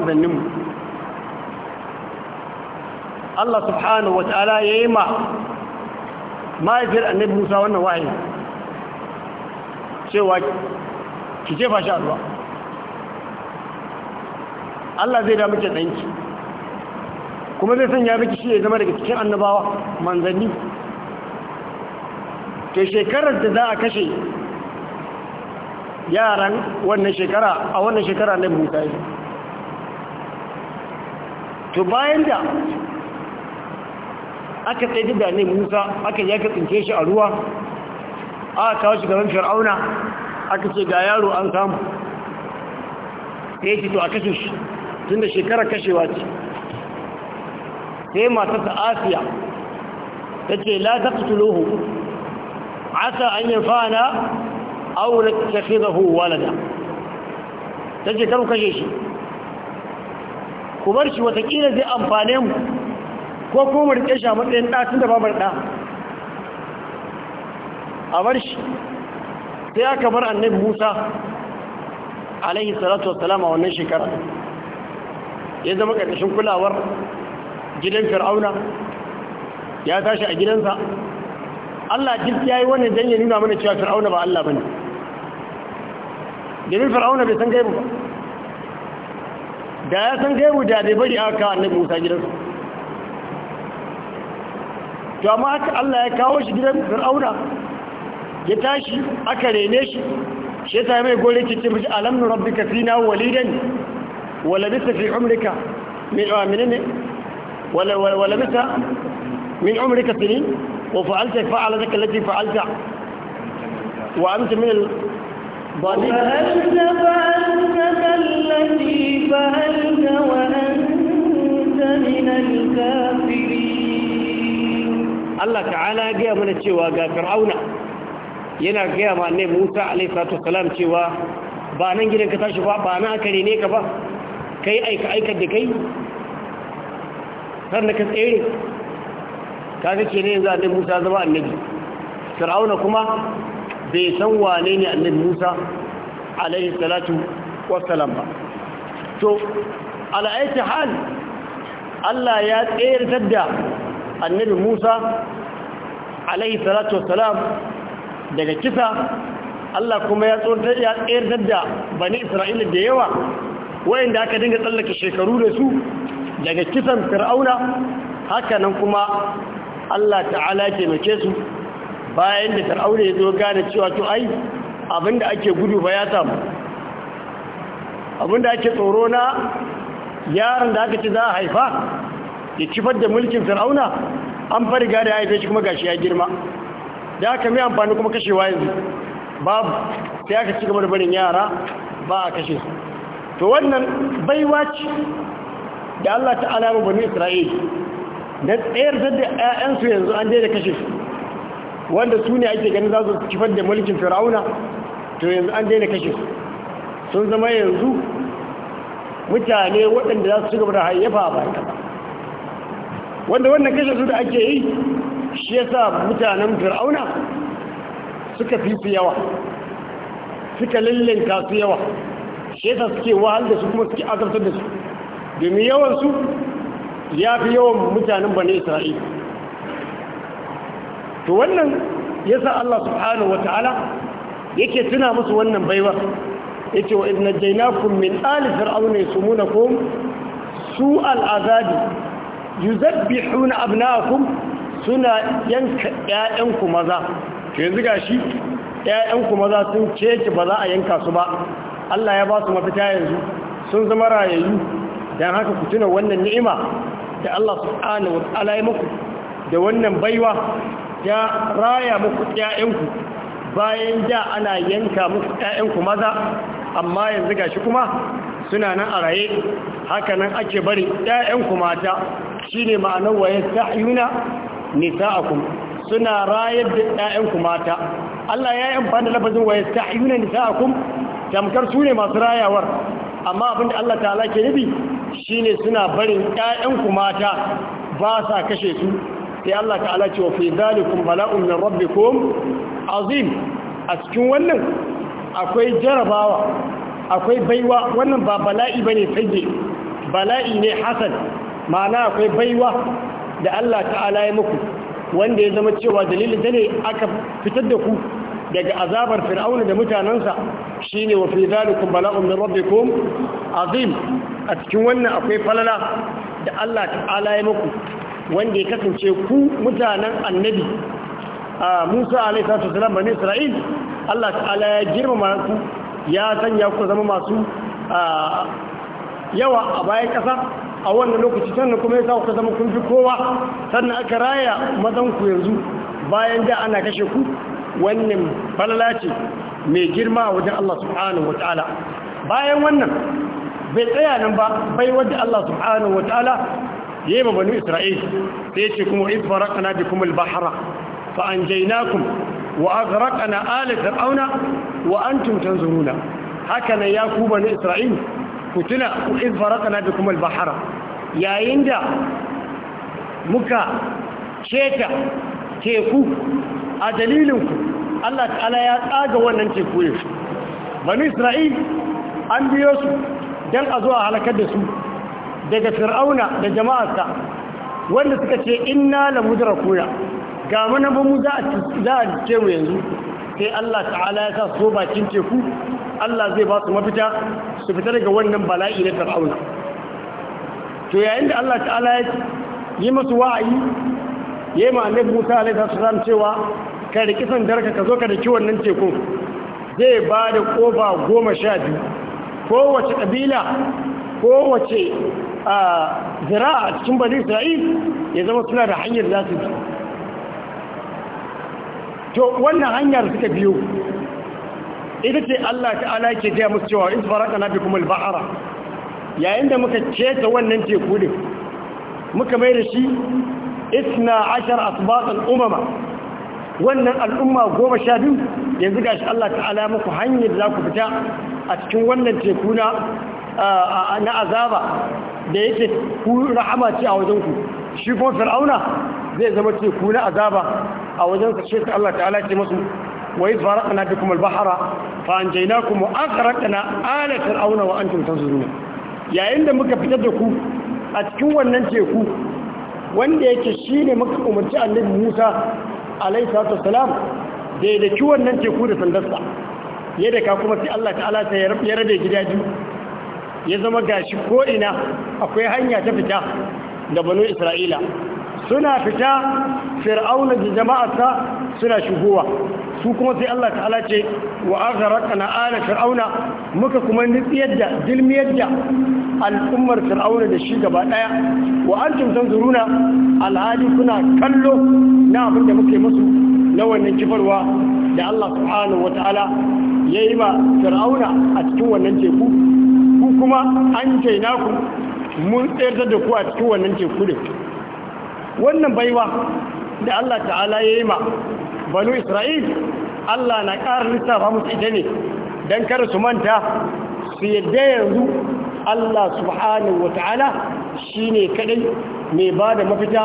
Allah subhanahu wa ta'ala ya yi ma mahaifiyar annabi Musa wannan wahayi cewa ki jefa shi a ruwa Allah zai da muke danki kuma zai sanya miki shi ya zama daga cikin annabawa manzanni to shekarar da za a kashe yaran wannan shekara a wannan shekara na buta yi to bayan da aka tsaye da ne musa aka yi aka tsinke shi a ruwa aka kawo shi gaban fir'auna aka ce ga yaro an samu ya yi to a kashe shi tun da shekarar kashewa ce sai matasa asiya ta ce la ta fitulohu عسى أن ينفعنا أو نتخذه ولدا kashe shi. Ku kubarci watakila zai amfane mu ko kuma rike shi a matsayin ɗa tun da babar ɗa a bar sai aka bar annabi musa alaihi salatu wassalam a wannan shekara ya zama ƙarƙashin kulawar gidan fir'auna ya tashi a gidansa Allah duk yayi wannan dan ya nuna mana cewa Fir'auna ba Allah bane domin Fir'auna bai san gaibu ba da ya san gaibu da bai bari aka annabi Musa gidansu to amma haka Allah ya kawo shi gidan Fir'auna ya tashi aka rene shi shi ta mai gore ki ce miji alam rabbika fina walidan wala bisa fi umrika min amina ah, ne wala wala bisa min umrika sinin وفعلت فعلتك التي فعلت وأنت من الضالين فأنت فعلتك التي فعلت وأنت من الكافرين الله تعالى جاء من الشيوى جاء فرعون ينا جاء مع النبي موسى عليه الصلاة والسلام شيوى ba nan gidan ka tashi ba ba na aka ne ka ba kai aika aikar da kai sannan ka tsere Ka kaga ne yanzu annabi Musa zama annabi Fir'auna kuma bai san wane ne annabi Musa alaihi salatu wassalam ba to ala'aiti hal Allah ya tsayar da annabi Musa alaihi salatu wassalam daga kisa Allah kuma ya tsayar da bani Isra'ila da yawa wayanda aka dinga tsallake shekaru da su daga kisan fir'auna haka nan kuma Allah ta'ala taimake su bayan da fir'auna ya zo gane cewa to ai abinda ake gudu ba ya samu abinda ake tsoro na yaron da aka ci za a haifa ya cifar da mulkin fir'auna an fariga da ya haife shi kuma gashi ya girma da aka mai amfani kuma kashewa yanzu babu sai aka ci gaba da barin yara ba a kashe su to wannan baiwa ce da Allah ta'ala mu bani Isra'ila da tsayar da 'ya'yansu yanzu an daina kashe su wanda su ne ake ganin za su kifar da mulkin fir'auna to yanzu an daina kashe su sun zama yanzu mutane waɗanda za su ci gaba da hayyafa a bayan wanda wannan kashe su da ake yi shi ya sa mutanen fir'auna suka fi su yawa suka lallanka su yawa shi ya sa suke wahal da su kuma suke azartar da su domin yawansu ya fi yawan mutanen bane isra'ila to wannan yasa Allah subhanahu Ta'ala yake tuna musu wannan baiwa ce wa idna jaynakum min ali fir'auna yasumunakum su al'azabi yuzabbihuna abna'akum suna yanka ƴaƴanku maza to yanzu gashi ƴaƴanku maza sun cece ba za a yanka su ba Allah ya ba su mafita yanzu sun zama rayayyu dan haka ku tuna wannan ni'ima da Allah subhanahu wa ta'ala ya muku da wannan baiwa ya raya muku ƴaƴanku bayan da ana yanka muku ƴaƴanku maza amma yanzu gashi kuma suna nan a raye haka nan ake bari ƴaƴanku mata shine ma'anar wa yastahiyuna nisa'akum suna rayar da ƴaƴanku mata Allah ya yi amfani da lafazin wa yastahiyuna nisa'akum tamkar su ne masu rayawar amma abinda Allah ta'ala ke nufi Shi ne suna barin ƴaƴanku mata ba sa kashe su sai Allah ta'ala ce wa fi zalikum bala'un min rabbikum azim a cikin wannan akwai jarabawa akwai baiwa wannan ba bala'i bane fage bala'i ne hasan ma'ana akwai baiwa da Allah ta'ala ya muku wanda ya zama cewa dalilin da ne aka fitar da ku daga azabar fir'auna da mutanensa shine wa fi zalikum bala'un min rabbikum azim a cikin wannan akwai falala da Allah ta'ala ya muku wanda ya kasance ku mutanen annabi Musa alaihi salatu wasallam bani Isra'il Allah ta'ala ya girmama ku ya sanya ku zama masu yawa a bayan ƙasa a wannan lokaci sannan kuma ya sa ku zama kun fi kowa sannan aka raya mazan ku yanzu bayan da ana kashe ku wannan falala ce mai girma wajen Allah subhanahu wa ta'ala bayan wannan bai tsaya nan ba bai wadda Allah subhanahu wa ta'ala yayi ma banu Isra'il sai ya ce kuma in faraqna bikum al-bahra fa anjaynakum wa aghraqna ala fir'auna wa antum tanzuruna haka nan ya ku banu Isra'il ku tuna in faraqna bikum al-bahra yayin da muka keta teku a dalilin ku. Allah ta'ala ya tsaga wannan teku ne banu Isra'il an biyo su don a zuwa halakar da su daga fir'auna da jama'arsa wanda suka ce inna la mudrakuna ga mana ba mu za a ce mu yanzu sai Allah ta'ala ya sa so bakin teku Allah zai ba su mafita su fita daga wannan bala'i na fir'auna to yayin da Allah ta'ala ya yi masu wa'ayi ya yi ma'anar Musa alaihi salam cewa ka riki sandarka ka zo ka da daki wannan teku zai ba da ƙofa goma sha biyu kowace ƙabila kowace zira a cikin bane isra'il ya zama suna da hanyar za su to wannan hanyar suka biyo ita ce Allah ta'ala ke jiya musu cewa in faraka na bi kuma alba'ara yayin da muka keta wannan teku ne, muka mai da shi isna ashar asbaqal al'umama wannan al'umma goma sha biyu yanzu gashi Allah ta'ala muku hanyar za ku fita a cikin wannan teku na azaba da yake ku rahama ce a wajenku shi kuma fir'auna zai zama teku na azaba a wajensa shi ta Allah ta'ala ce masu wai farakana bi kuma albahara fa an jaina kuma an na ala fir'auna wa antum tuntar yayin da muka fitar da ku a cikin wannan teku wanda yake shi ne muka umarci annabi musa alaihi salatu da daidaki wannan teku da sandarsa ya daka kuma sai Allah ta'ala ta ya rabe gida biyu ya zama gashi ko'ina akwai hanya ta fita da banu Isra'ila suna fita fir'auna da jama'arsa suna shigowa su kuma sai Allah ta'ala ce wa aghraqna ala fir'auna muka kuma nitsi da dilmiyar da al'ummar fir'auna da shi gaba daya wa antum tanzuruna alhali kuna kallo na abin da muke musu na wannan kifarwa da Allah subhanahu wata'ala ya yi ma fir'auna a cikin wannan teku ku kuma an jaina ku mun tsayar da ku a cikin wannan teku ne wannan baiwa da Allah ta'ala ya yi ma banu isra'il Allah na ƙara lissafa musu ita ne don kar su manta su yadda yanzu Allah subhanahu wa ta'ala shi ne kadai mai ba da mafita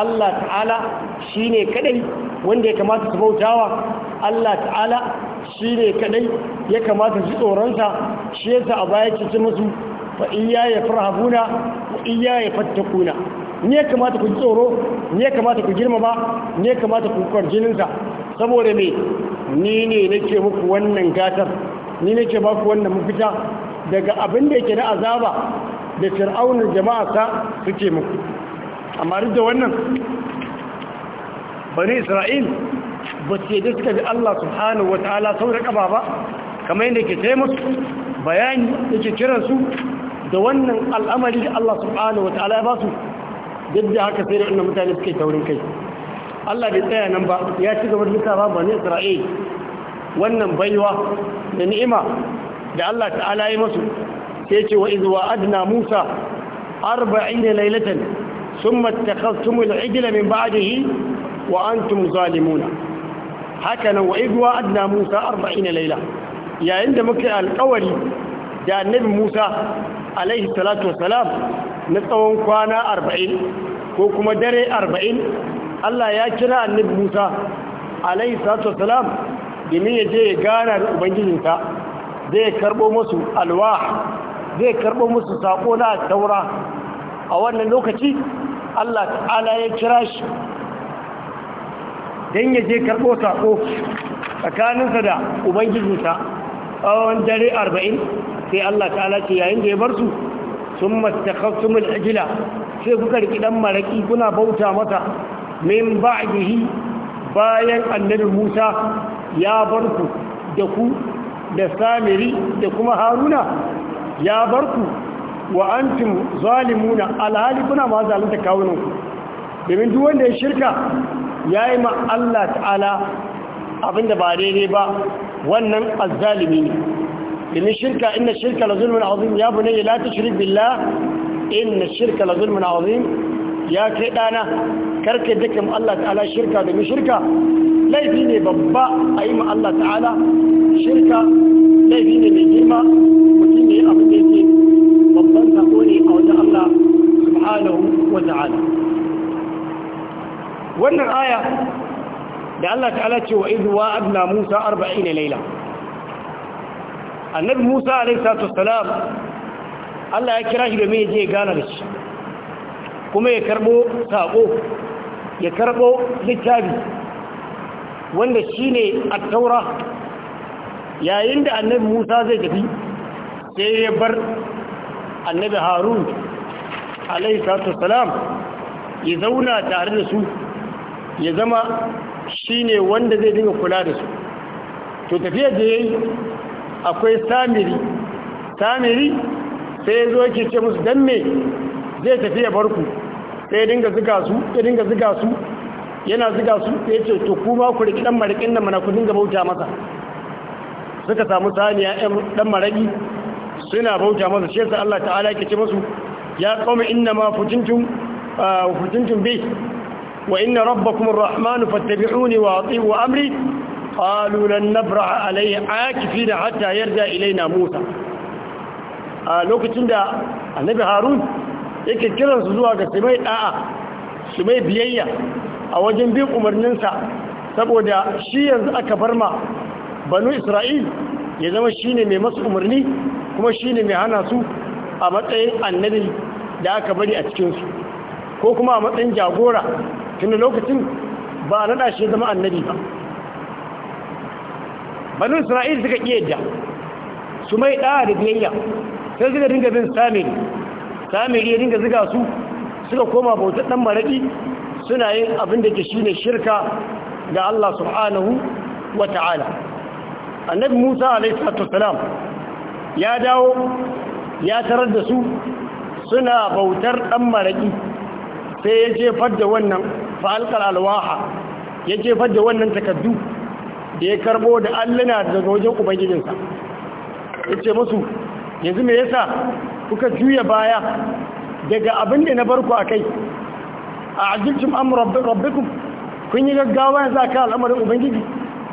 Allah ta'ala shi ne kadai wanda ya kamata su bautawa Allah ta'ala shi ne kadai ya kamata su tsoronsa shi yasa a baya ce musu fa iya ya farhabuna wa iya ya fattakuna ne kamata ku ji tsoro ne kamata ku girma girmama ne kamata ku kwarjininsa saboda me ni ne nake muku wannan gatar ni nake ba ku wannan mafita daga abin da yake na azaba da fir'aunin jama'arsa suke muku amma duk da wannan bani isra'il ba su yi suka bi Allah subhanahu wa ta'ala sau da ƙaba ba kamar yadda ke taimus bayani yake kiransu da wannan al'amari da Allah subhanahu wa ta'ala ya ba su duk da haka sai da wannan mutane suke taurin kai Allah bai tsaya nan ba ya ci gaba da lissafa bani isra'il wannan baiwa da ni'ima da Allah ta'ala ya masu sai ce wa izuwa adna musa arba'ina lailatan summa takhastumul ijla min ba'dihi wa antum zalimuna haka nan wa izuwa adna musa da laila yayin da muka alƙawari da annabi musa alaihi salatu wasalam na tsawon kwana arba'in ko kuma dare arba'in Allah ya kira annabi Musa alaihi salatu wasalam domin ya je ya gana da ubangijinsa zai karbo musu alwa zai karbo musu sako na taura a wannan lokaci Allah ta'ala ya kira shi don ya je karbo sako tsakaninsa da ubangijinsa tsawon dare arba'in sai Allah ta'ala ce yayin da ya bar su sun matakasumul ajila sai kuka riki dan maraki kuna bauta mata min ba'dihi bayan annabi Musa ya bar ku da ku da samiri da kuma haruna ya bar ku wa antum zalimuna alhali kuna ma zalunta kawunan ku domin duk wanda ya shirka yayi ma Allah ta'ala abinda ba daidai ba wannan azzalimi ne domin shirka inna shirka la zulmun azim ya bunayya la tushrik billah inna shirka la zulmun azim ya kai dana karka yadda kai Allah ta'ala shirka domin shirka laifi ne babba a yi ma Allah ta'ala shirka laifi ne mai girma mutum ne abin da yake babban sako ne a wajen Allah subhanahu wa ta'ala wannan aya da Allah ta'ala ce wa idu wa wa'adna Musa 40 laila annabi Musa alayhi salatu wassalam Allah ya kira shi da ya je gana da shi kuma ya karbo sako ya karɓo littafi wanda shi ne a taura yayin da annabi musa zai tafi sai ya bar annabi harun alaihissalatu salam ya zauna tare da su ya zama shi ne wanda zai dinga kula da su to tafiya da ya yi akwai samiri samiri sai ya zo yake ce musu don me zai tafiya barku sai ya dinga ziga su ya dinga ziga su yana ziga su ya ce to kuma ku riki dan marakin nan mana ku dinga bauta masa suka samu saniya ɗan dan maraki suna bauta masa shi yasa Allah ta'ala yake ce musu ya qaumi inna ma futintum ah, futintum bi wa inna rabbakum arrahman fattabi'uni wa ati'u amri qalu lan nabra'a alayhi akifina hatta yarda ilaina musa a lokacin da annabi harun yake kiransu zuwa ga su mai da'a su biyayya a wajen bin umarninsa saboda shi yanzu aka bar ma banu isra'il ya zama shi mai masu umarni kuma shi mai hana su a matsayin annabi da aka bari a cikinsu ko kuma a matsayin jagora tun lokacin ba a naɗa shi zama annabi ba banu isra'il suka iya da su mai ɗa'a da biyayya sai suka dinga bin samiri kamiri ya dinga ziga su suka koma bautar dan maraki suna yin abin da ke shine shirka ga Allah subhanahu wa annabi Musa alayhi salatu wasalam ya dawo ya tarar da su suna bautar dan maraki sai ya jefar da wannan fa'alqal alwaha ya jefar da wannan takaddu da ya karbo da alluna daga wajen ubangijinsa yace musu yanzu me yasa kuka juya baya daga abin da na barku a kai a ajilcin amurin rabbikun kun yi gaggawa yanzu a kan al'amarin ubangiji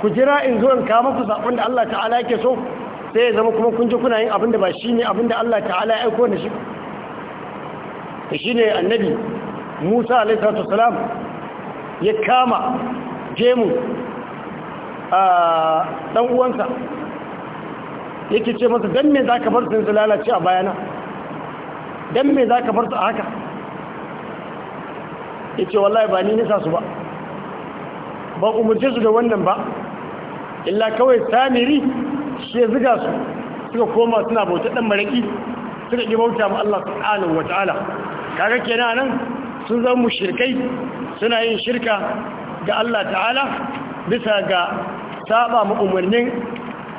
ku jira in zo in kama ku saƙon da Allah ta'ala yake so sai ya zama kuma kun ji kuna yin abin da ba shi ne abin da Allah ta'ala ya aiko da shi da shi ne annabi musa alaihissalatu salam ya kama jemu a ɗan uwansa yake ce masa dan me za ka bar sun lalace a bayana dan me za ka farta a haka ya ce wallahi ba ni nisa su ba ba umarci su da wannan ba illa kawai samiri shi ya ziga su suka koma suna bauta ɗan maraƙi suka ƙi bauta ma Allah subhanahu wa ta'ala kaga kenan nan sun zama shirkai? suna yin shirka ga Allah ta'ala bisa ga saba mu umarnin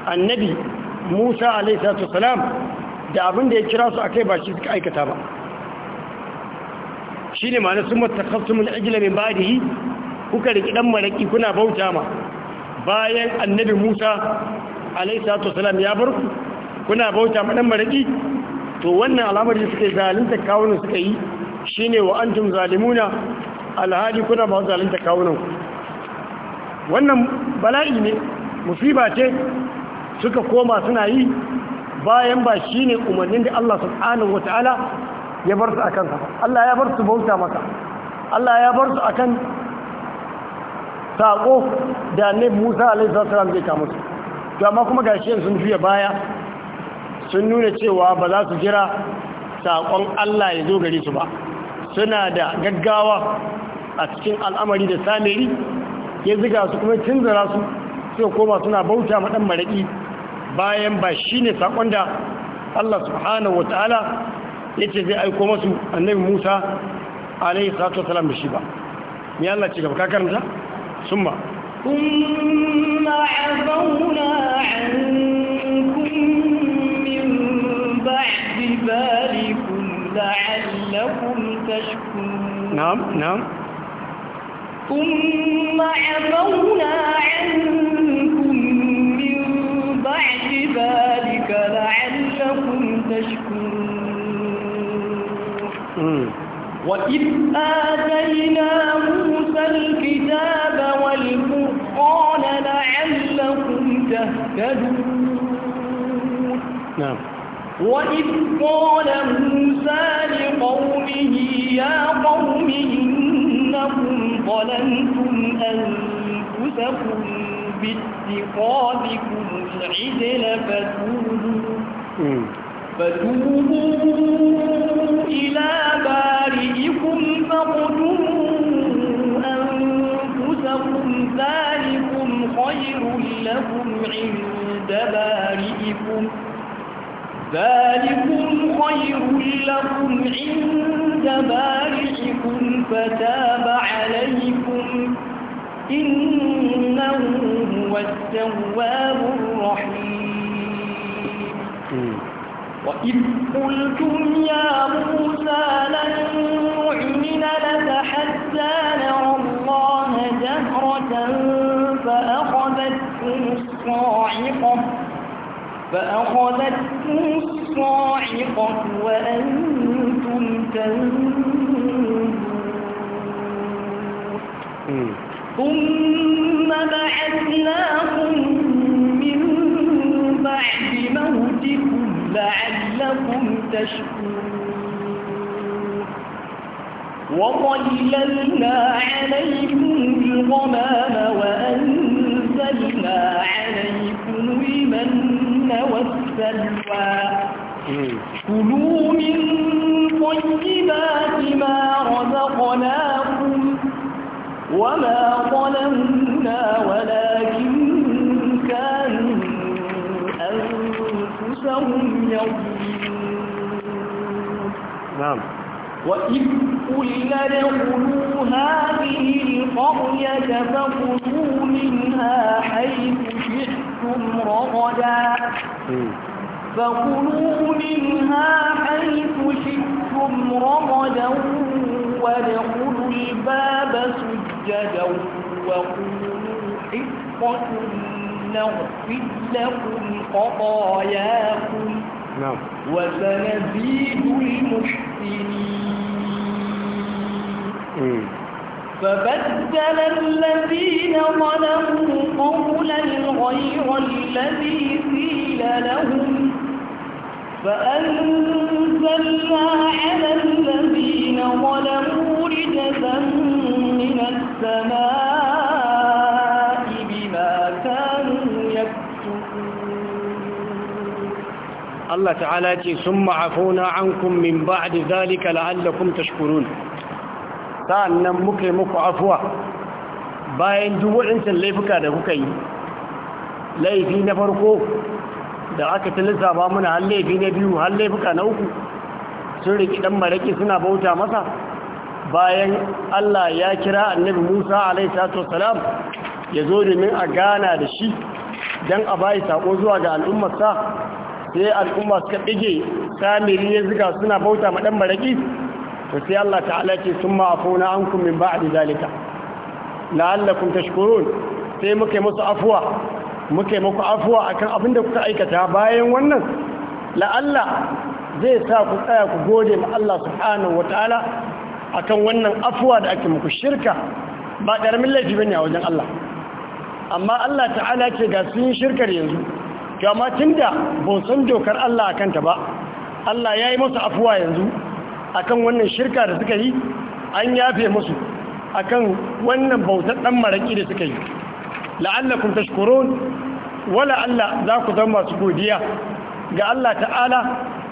annabi Musa alaihi salatu da abin da ya kira su akai ba shi suka aikata ba shi ne ma'ana sun matakaftu min ba min badihi kuka riki dan maraƙi kuna bauta ma bayan annabi Musa alaihi salatu wasalam ya bar ku kuna bauta ma dan malaki to wannan alamar da suka yi zalunta kawunan suka yi shine wa antum zalimuna alhali kuna ba zalunta kawunan ku wannan bala'i ne musiba ce suka koma suna yi bayan ba shi ne umarnin da Allah subhanahu Ta'ala ya bar su akan sa Allah ya bar su bauta maka Allah ya bar su kan saƙo da Annabi Musa alaihi salam zai kama su to amma kuma gashi sun juya baya sun nuna cewa ba za su jira saƙon Allah ya zo gare su ba suna da gaggawa a cikin al'amari da samiri ya ziga su kuma cinzara su sai koma suna bauta ma dan maraƙi bayan ba shi ne sakon da Allah subhanahu wataala yace zai aiko masu annabi Musa alaihi salatu wasalam da shi ba ni Allah ci gaba ka karanta summa ثم عفونا عنكم من بعد لعلكم تشكرون وإذ آتينا موسى الكتاب والفرقان لعلكم تهتدون نعم وإذ قال موسى لقومه يا قوم إنكم ظلمتم أنفسكم باتقابكم العدل فتوبوا فتوبوا إلى بارئكم فاقتلوا أنفسكم ذلكم خير لكم عند بارئكم ذلكم خير لكم عند بارئكم فتوبوا هو التواب الرحيم وإذ قلتم يا موسى لن نؤمن لك حتى نرى الله جهرة فأخذتكم الصاعقة فأخذتكم الصاعقة وأنتم تنظرون وظللنا عليكم الغمام وأنزلنا عليكم المن والسلوى كلوا من طيبات ما رزقناكم وما ظلمنا ولا نعم وإذ قلنا ادخلوا هذه القرية فخذوا منها حيث شئتم رغدا فخذوا منها حيث شئتم رغدا وادخلوا الباب سجدا وقولوا حفظة نغفر لكم خطاياكم نعم وسنزيد المشركين فبدل الذين ظلموا قولا غير الذي قيل لهم فأنزلنا على الذين ظلموا رجزا من السماء Allah ta'ala ce sun ma'afona an kun min ba'adi zalika la'allakum tashkurun sa'annan muka yi muku afuwa bayan duk waɗancan laifuka da kuka yi laifi na farko da aka tilisa ba muna har laifi na biyu har laifuka na uku sun riki ɗan maraki suna bauta masa bayan Allah ya kira annabi Musa alaihi ya zo domin a gana da shi don a bayi sako zuwa ga al'ummarsa sai al'umma suka ɗige samiri ya zika suna bauta ma ɗan maraƙi to sai Allah ta'ala ce sun ma'afuna an kun min ba'adi zalika la'allakum tashkurun sai muke musu afuwa muke muku afuwa akan abin da kuka aikata bayan wannan la'alla zai sa ku tsaya ku gode ma Allah subhanahu wataala akan wannan afuwa da ake muku shirka ba ƙaramin laifi ne a wajen Allah amma Allah ta'ala ce ga sun shirkar yanzu to tun tunda ba san dokar Allah a kanta ba Allah ya yi masu afuwa yanzu a kan wannan shirka da suka yi an yafe musu a kan wannan bautar ɗan maraƙi da suka yi la'allakum tashkurun wala Allah za ku zama su godiya ga Allah ta'ala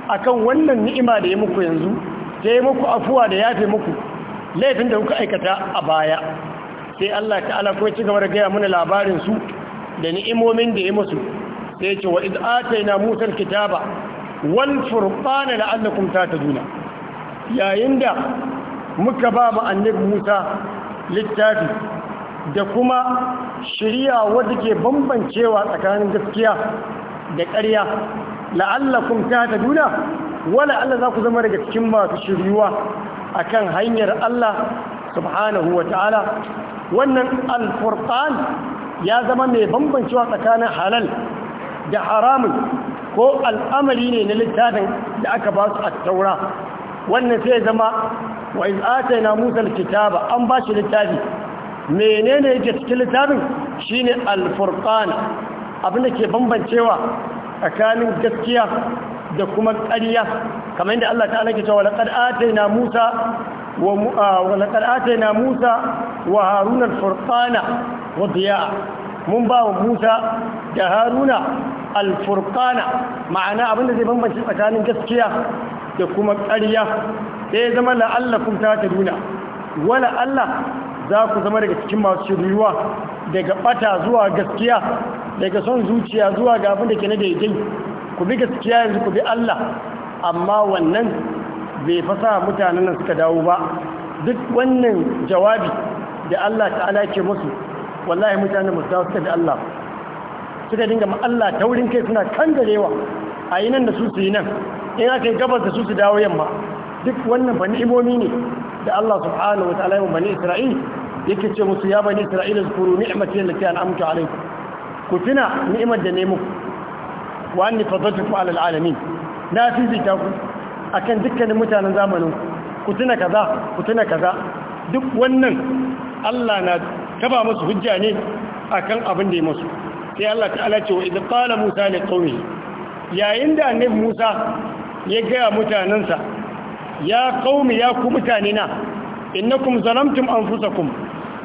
a kan wannan ni'ima da ya muku yanzu ta yi muku afuwa da yafe muku laifin da kuka aikata a baya sai Allah ta'ala ko ci gaba da gaya mana labarinsu da ni'imomin da ya musu sai ce wa iz ataina mutar kitaba wal furqana la'annakum tatajuna yayin da muka ba mu annabi Musa littafi da kuma shari'a wadda ke bambancewa tsakanin gaskiya da ƙarya la'allakum tatajuna wala Allah za ku zama daga cikin masu shiryuwa akan hanyar Allah subhanahu wa ta'ala wannan alfurqan ya zama mai bambancewa tsakanin halal da haramun ko al'amari ne na littafin da aka ba su a taura wannan sai zama wa iz na musa alkitaba an ba shi littafi menene yake cikin littafin shine alfurqan abinda ke bambancewa tsakanin gaskiya da kuma ƙarya kamar yadda Allah ta'ala ke cewa laqad atayna musa wa ah, laqad atayna musa wa haruna alfurqana wa diya mun ba wa musa da haruna alfurkana ma'ana abin da zai bambanci tsakanin gaskiya da kuma ƙarya da eh, ya zama la'allakun ta ta duna wala Allah za ku zama daga cikin masu shiruwa daga ɓata zuwa gaskiya daga son zuciya zuwa ga da ke na daidai ku bi gaskiya yanzu ku bi Allah amma wannan bai fasa mutanen nan suka dawo ba duk wannan jawabi da Allah ta'ala ke musu wallahi mutanen musu dawo suka bi Allah suka dinga ma Allah taurin kai suna kangarewa a yi nan da su su yi nan in aka yi gabas da su su dawo yamma duk wannan bani imomi ne da Allah subhanahu wa ta'ala bani Isra'il yake ce musu ya bani Isra'il su zkuru ni'mati allati an'amtu alaykum ku tuna ni'imar da ne muku wa anni fadlatukum 'ala al'alamin na fifita ku akan dukkanin mutanen zamanin ku tuna kaza ku tuna kaza duk wannan Allah na kaba musu hujja ne akan abin da ya musu sai Allah ta'ala ce wa idan kala Musa ne qaumi yayin da annabi Musa ya gaya mutanensa ya qaumi ya ku mutane na innakum zalamtum anfusakum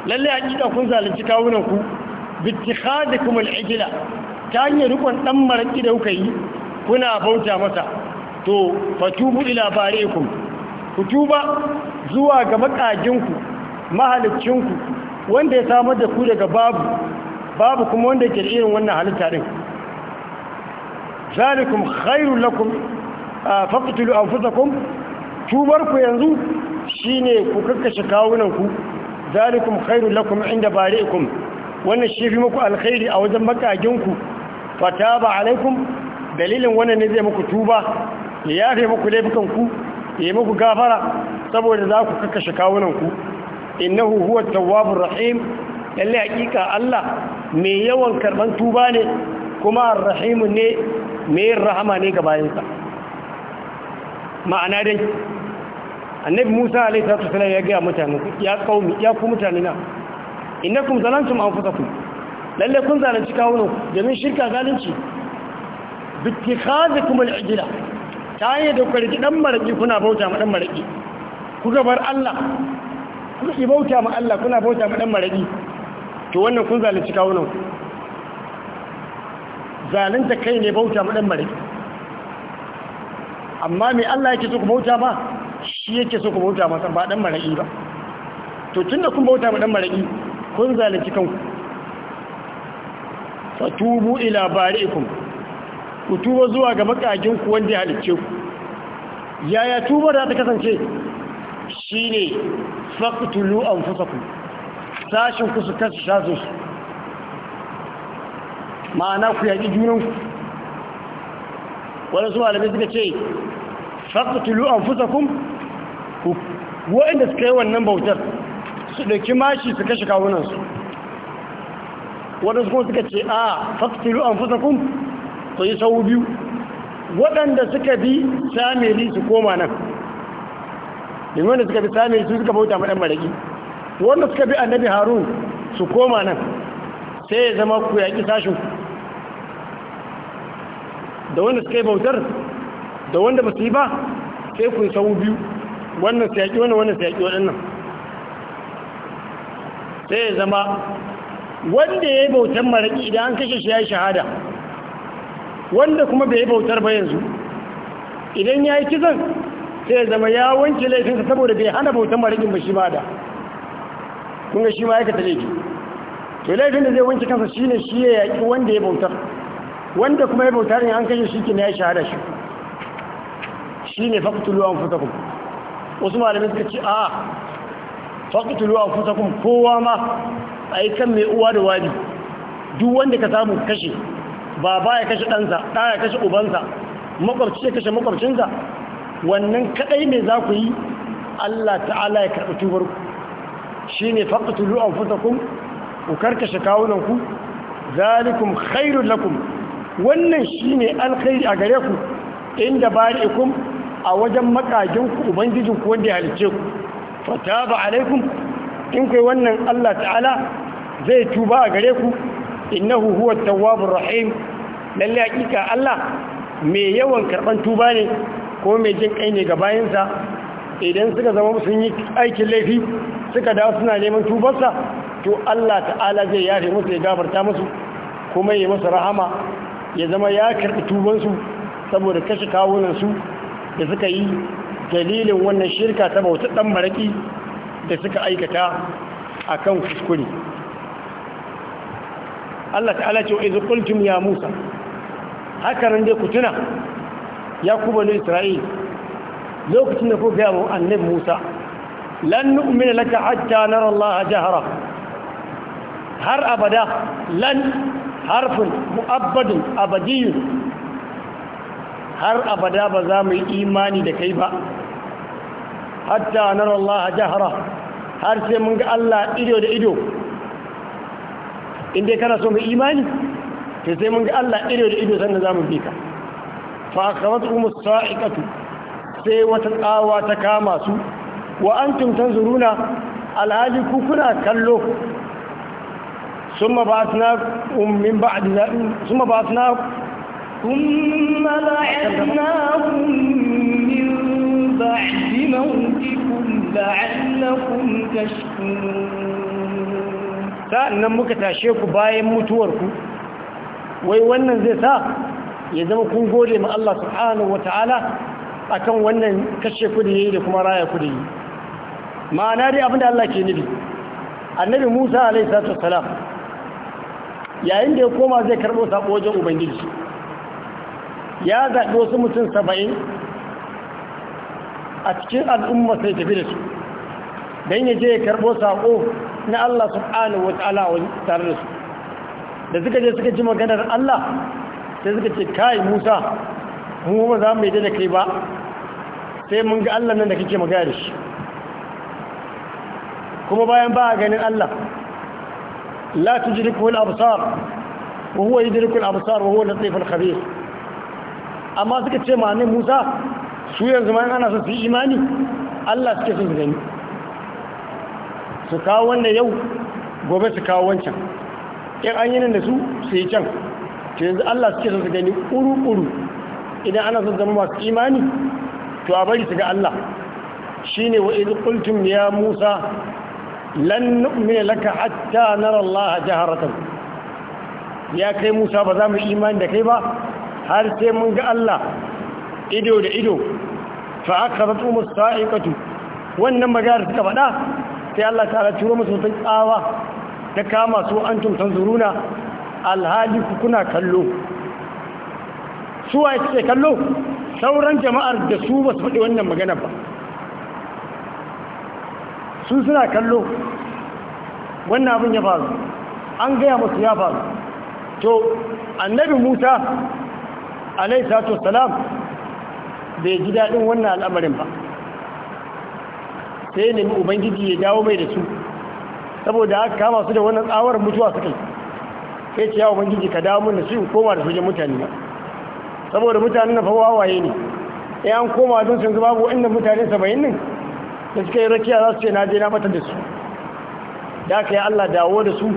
lalle hakika kun zalunci kawunan ku bittikhadikum al-ijla ta hanyar rikon dan maraki da kuka yi kuna bauta masa to fatubu ila bari'ikum ku tuba zuwa ga makajinku mahalicinku wanda ya samar da ku daga babu babu kuma wanda ke irin wannan halitta din zalikum khairul lakum faqtulu anfusakum tubar ku yanzu shine ku kakkashe kawunan ku zalikum khairul lakum inda bari'ikum wannan shi fi muku alkhairi a wajen makagin ku fataba alaikum dalilin wannan ne zai muku tuba ya yafe muku laifukan ku ya muku gafara saboda za ku kakkashe kawunan ku innahu huwa tawwabur rahim lalle hakika Allah mai yawan karban tuba ne kuma rahimu ne mai rahama ne ga bayansa ma'ana dai annabi Musa alaihi salatu wasallam ya ga mutane ya kaumi ya ku mutane na innakum zalantum anfusakum lalle kun zalunci kawunan domin shirka zalunci bittikhazikum al-ijla ta yi da kwarki dan maraki kuna bauta ma dan maraki Ku bar Allah kuka bauta ma Allah kuna bauta ma dan maraki to wannan kun zalunci kawo nan zalunta kai ne bauta maɗan mare amma mai Allah yake so ku bauta ba shi yake so ku bauta masa ba ɗan mara'i ba to tun da kun bauta maɗan mara'i kun zalunci kanku tubu ila bari'ikum ku tuba zuwa ga makaginku wanda ya halicce ku yaya tuba da ta kasance shine faqtulu anfusakum sashin ku su kasu shazo su ma'ana ku yaƙi junanku wani su malamai suka ce Fakta-Tulu, an fusa kun ku waɗanda suka yi wannan bautar su ɗauki mashi su kashe kawunansu waɗansu kuma suka ce a Fakta-Tulu, an fusa kun ku yi sau biyu waɗanda suka bi sami su koma nan domin wanda suka bi sami su suka bauta maɗan maraƙi wanda suka bi annabi harun su koma nan sai ya zama ku yaƙi sashin da wanda suka yi bautar da wanda ba su yi ba sai ku yi sau biyu wannan su yaƙi wannan wannan su yaƙi waɗannan sai ya zama wanda ya yi bautar maraƙi idan an kashe shi ya yi shahada wanda kuma bai yi bautar ba yanzu idan ya yi kisan sai ya zama ya wanke laifinsa saboda bai hana bautar maraƙin ba shi ba da kun ga shi ma aikata laifi to laifin da zai wanke kansa shine shi ya yaki wanda ya bautar wanda kuma ya bautar ne an kashe shi ke ya shahada shi Shi shine faqtulu anfusakum wasu malamai suka ce a faqtulu anfusakum kowa ma ai kan mai uwa da wabi duk wanda ka samu kashe baba ya kashe ɗansa ɗa ya kashe ubansa makwabci ya kashe makwabcinsa wannan kaɗai ne za ku yi Allah ta'ala ya karɓi tubarku Shi ne shine faqtulu anfusakum ku karkashe kawunanku zalikum khairun lakun wannan shi shine alkhairi a gare ku inda kun a wajen makajin ku ubangijin ku wanda ya halice ku fataba alaikum in kai wannan Allah ta'ala zai tuba a gare ku innahu huwa tawwabur rahim lalle hakika Allah mai yawan karban tuba ne ko mai jin kai ne ga bayansa idan suka zama sun yi aikin laifi suka dawo suna neman tubarsa to Allah ta'ala zai yafe musu ya gafarta musu kuma ya musu rahama ya zama ya karɓi tubansu saboda kashe kawunansu da suka yi dalilin wannan shirka ta bautar ɗan maraƙi da suka aikata a kan kuskure Allah ta'ala ce izu kultum ya Musa haka ran dai ku tuna ya kuba Isra'il lokacin da ku gaya wa annabi Musa lan nu'mina laka hatta nara Allah jahra har abada lan harfin mu'abbadin abadiyun har abada ba za mu yi imani da kai ba hatta nara Allah jahra har sai mun ga Allah ido da ido inda kana so mu imani to sai mun ga Allah ido da ido sannan za mu bi ka fa akhawatu musaiqatu sai wata tsawa ta kama su wa antum tanzuruna alhali ku kuna kallo ثم بعثناكم من بعد ثم sa'annan muka tashe ku bayan mutuwarku wai wannan zai sa ya zama kun gode ma Allah ta'ala a akan wannan kashe ku da da kuma raya ku da ma'ana dai abinda Allah ke nufi annabi Musa alaihi salatu wassalam yayin da ya koma zai karbo sako wajen ubangiji ya zaɓi wasu mutum saba'in a cikin al'umma sai tafi da su don ya je ya karɓo saƙo na Allah subhanahu wa ta'ala tare da su da suka je suka ji maganar Allah sai suka ce kai Musa mu ba za mu yi da kai ba sai mun ga Allah nan da kake magana da shi kuma bayan ba a ganin Allah la tujriku al-absar wa huwa yudriku al-absar wa huwa al-latif al-khabir amma suka ce ma ne Musa su yanzu ma ana so su yi imani Allah suke so su gani su kawo wannan yau gobe su kawo wancan in an yi nan da su su yi can to yanzu Allah suke so su gani uru-uru, idan ana so zama masu imani to a bari su ga Allah shine wa idh qultum ya Musa lan nu'mina laka hatta nara Allah jaharatan ya kai Musa ba za mu imani da kai ba har sai mun ga Allah ido da ido fa akhadatu musaiqatu wannan magana suka faɗa sai Allah ta turo musu sun tsawa ta kama su antum tanzuruna alhali kuna kallo su waye kallo sauran jama'ar da su ba su faɗi wannan magana ba su suna kallo wannan abin ya faru an gaya musu ya faru to annabi musa alaihissalatu salam bai ji daɗin wannan al'amarin ba sai ne ubangiji ya dawo mai da su saboda aka kama su da wannan tsawar mutuwa suka yi sai ce ya ubangiji ka dawo mun da su koma da suje mutane ba saboda mutane na fawawaye ne ya an koma don sun zuba ko inda mutane saba'in nan da suka yi rakiya za su ce na je na batar da su da aka yi Allah dawo da su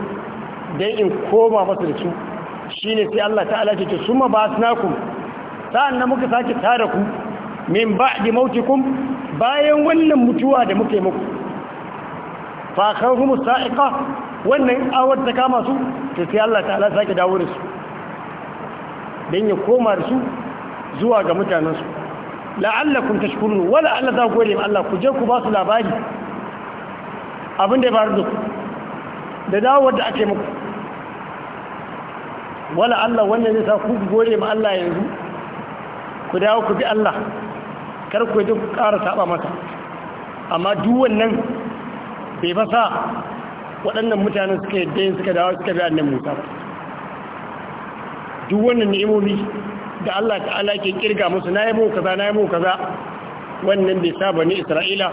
don in koma masu da su shi ne sai Allah ta'ala ce su ma ba su naku sa'an na muka sake tare ku min ba di kun bayan wannan mutuwa da muka yi muku fakar rumu sa'iƙa wannan awar ta kama su ta sai Allah ta'ala sake dawo da su don ya koma da su zuwa ga mutanensu la'allakum tashkurun wala Allah za ku gode ma Allah ku je ku ba su labari abin da ya faru da dawo da dawowar da ake muku wala Allah wannan zai sa ku gode ma Allah yanzu ku dawo ku bi Allah kar ku je ƙara saba masa amma duk wannan bai ba sa waɗannan mutanen suka yadda suka dawo suka bi annan Musa ba duk wannan ni'imomi da Allah ta'ala ke kirga musu na yi mu kaza na yi mu kaza wannan bai saba ne Isra'ila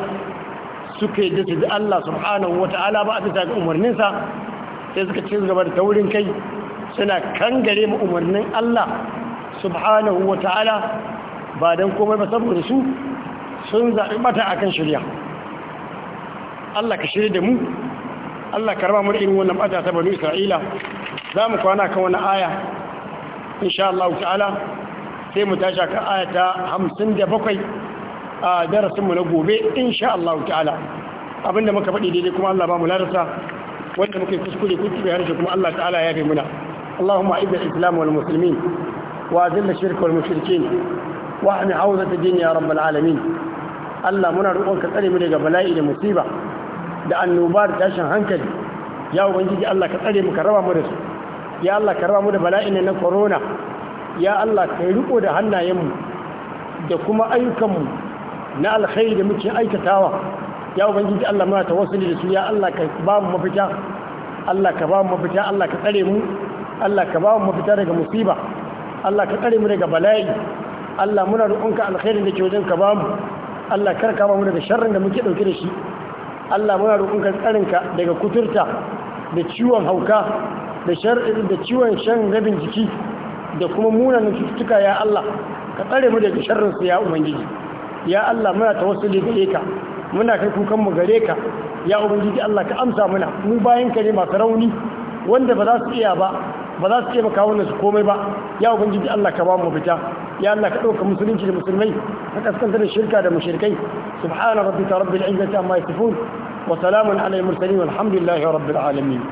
suka yi dace da Allah subhanahu wa ta'ala ba a bisa ga umarninsa sai suka ci gaba da taurin kai suna kangare mu umarnin Allah subhanahu wa ta'ala ba don komai ba saboda su sun zaɓi mata akan shirya Allah ka shirya da mu Allah ka raba mu irin wannan bata ta banu Isra'ila za mu kwana kan wani aya insha Allah ta'ala sai mu tasha tashi kan da 57 a darasinmu na gobe insha Allah ta'ala abinda muka faɗi daidai kuma Allah ba mu larasa wanda muka yi kuskure kuskure harshe kuma Allah ta'ala ya fi muna اللهم أعز الإسلام والمسلمين وأذل الشرك والمشركين واحمي حوزة الدين يا رب العالمين Allah muna roƙonka tsare mu daga bala'i da musiba da annoba da tashin hankali ya ubangiji Allah ka tsare mu ka raba mu da su ya Allah ka raba mu da bala'in na corona ya Allah ka riko da hannayenmu da kuma ayyukanmu na alkhairi da muke aikatawa ya ubangiji Allah muna tawassuli da su ya Allah ka ba mu mafita Allah ka ba mu mafita Allah ka tsare mu Allah ka ba mu mafita daga musiba Allah ka tsare mu daga bala'i Allah muna roƙonka alkhairin da ke wajen ka ba mu Allah kar ka ba mu daga sharrin da muke dauke da shi Allah muna roƙonka tsarinka daga kuturta da ciwon hauka da da ciwon shan rabin jiki da kuma munanan cututtuka ya Allah ka tsare mu daga sharrinsu ya ubangiji ya Allah muna tawassuli gare ka muna kai kukan mu gare ka ya ubangiji Allah ka amsa muna mu bayan ka ne masu rauni wanda ba za su iya ba ba za su iya komai ba ya ubangiji Allah ka ba mu fita ya Allah ka dauka musulunci da musulmai ka kaskantar da shirka da mushrikai subhana rabbika rabbil izzati amma yasifun wa salamun alal mursalin walhamdulillahi rabbil alamin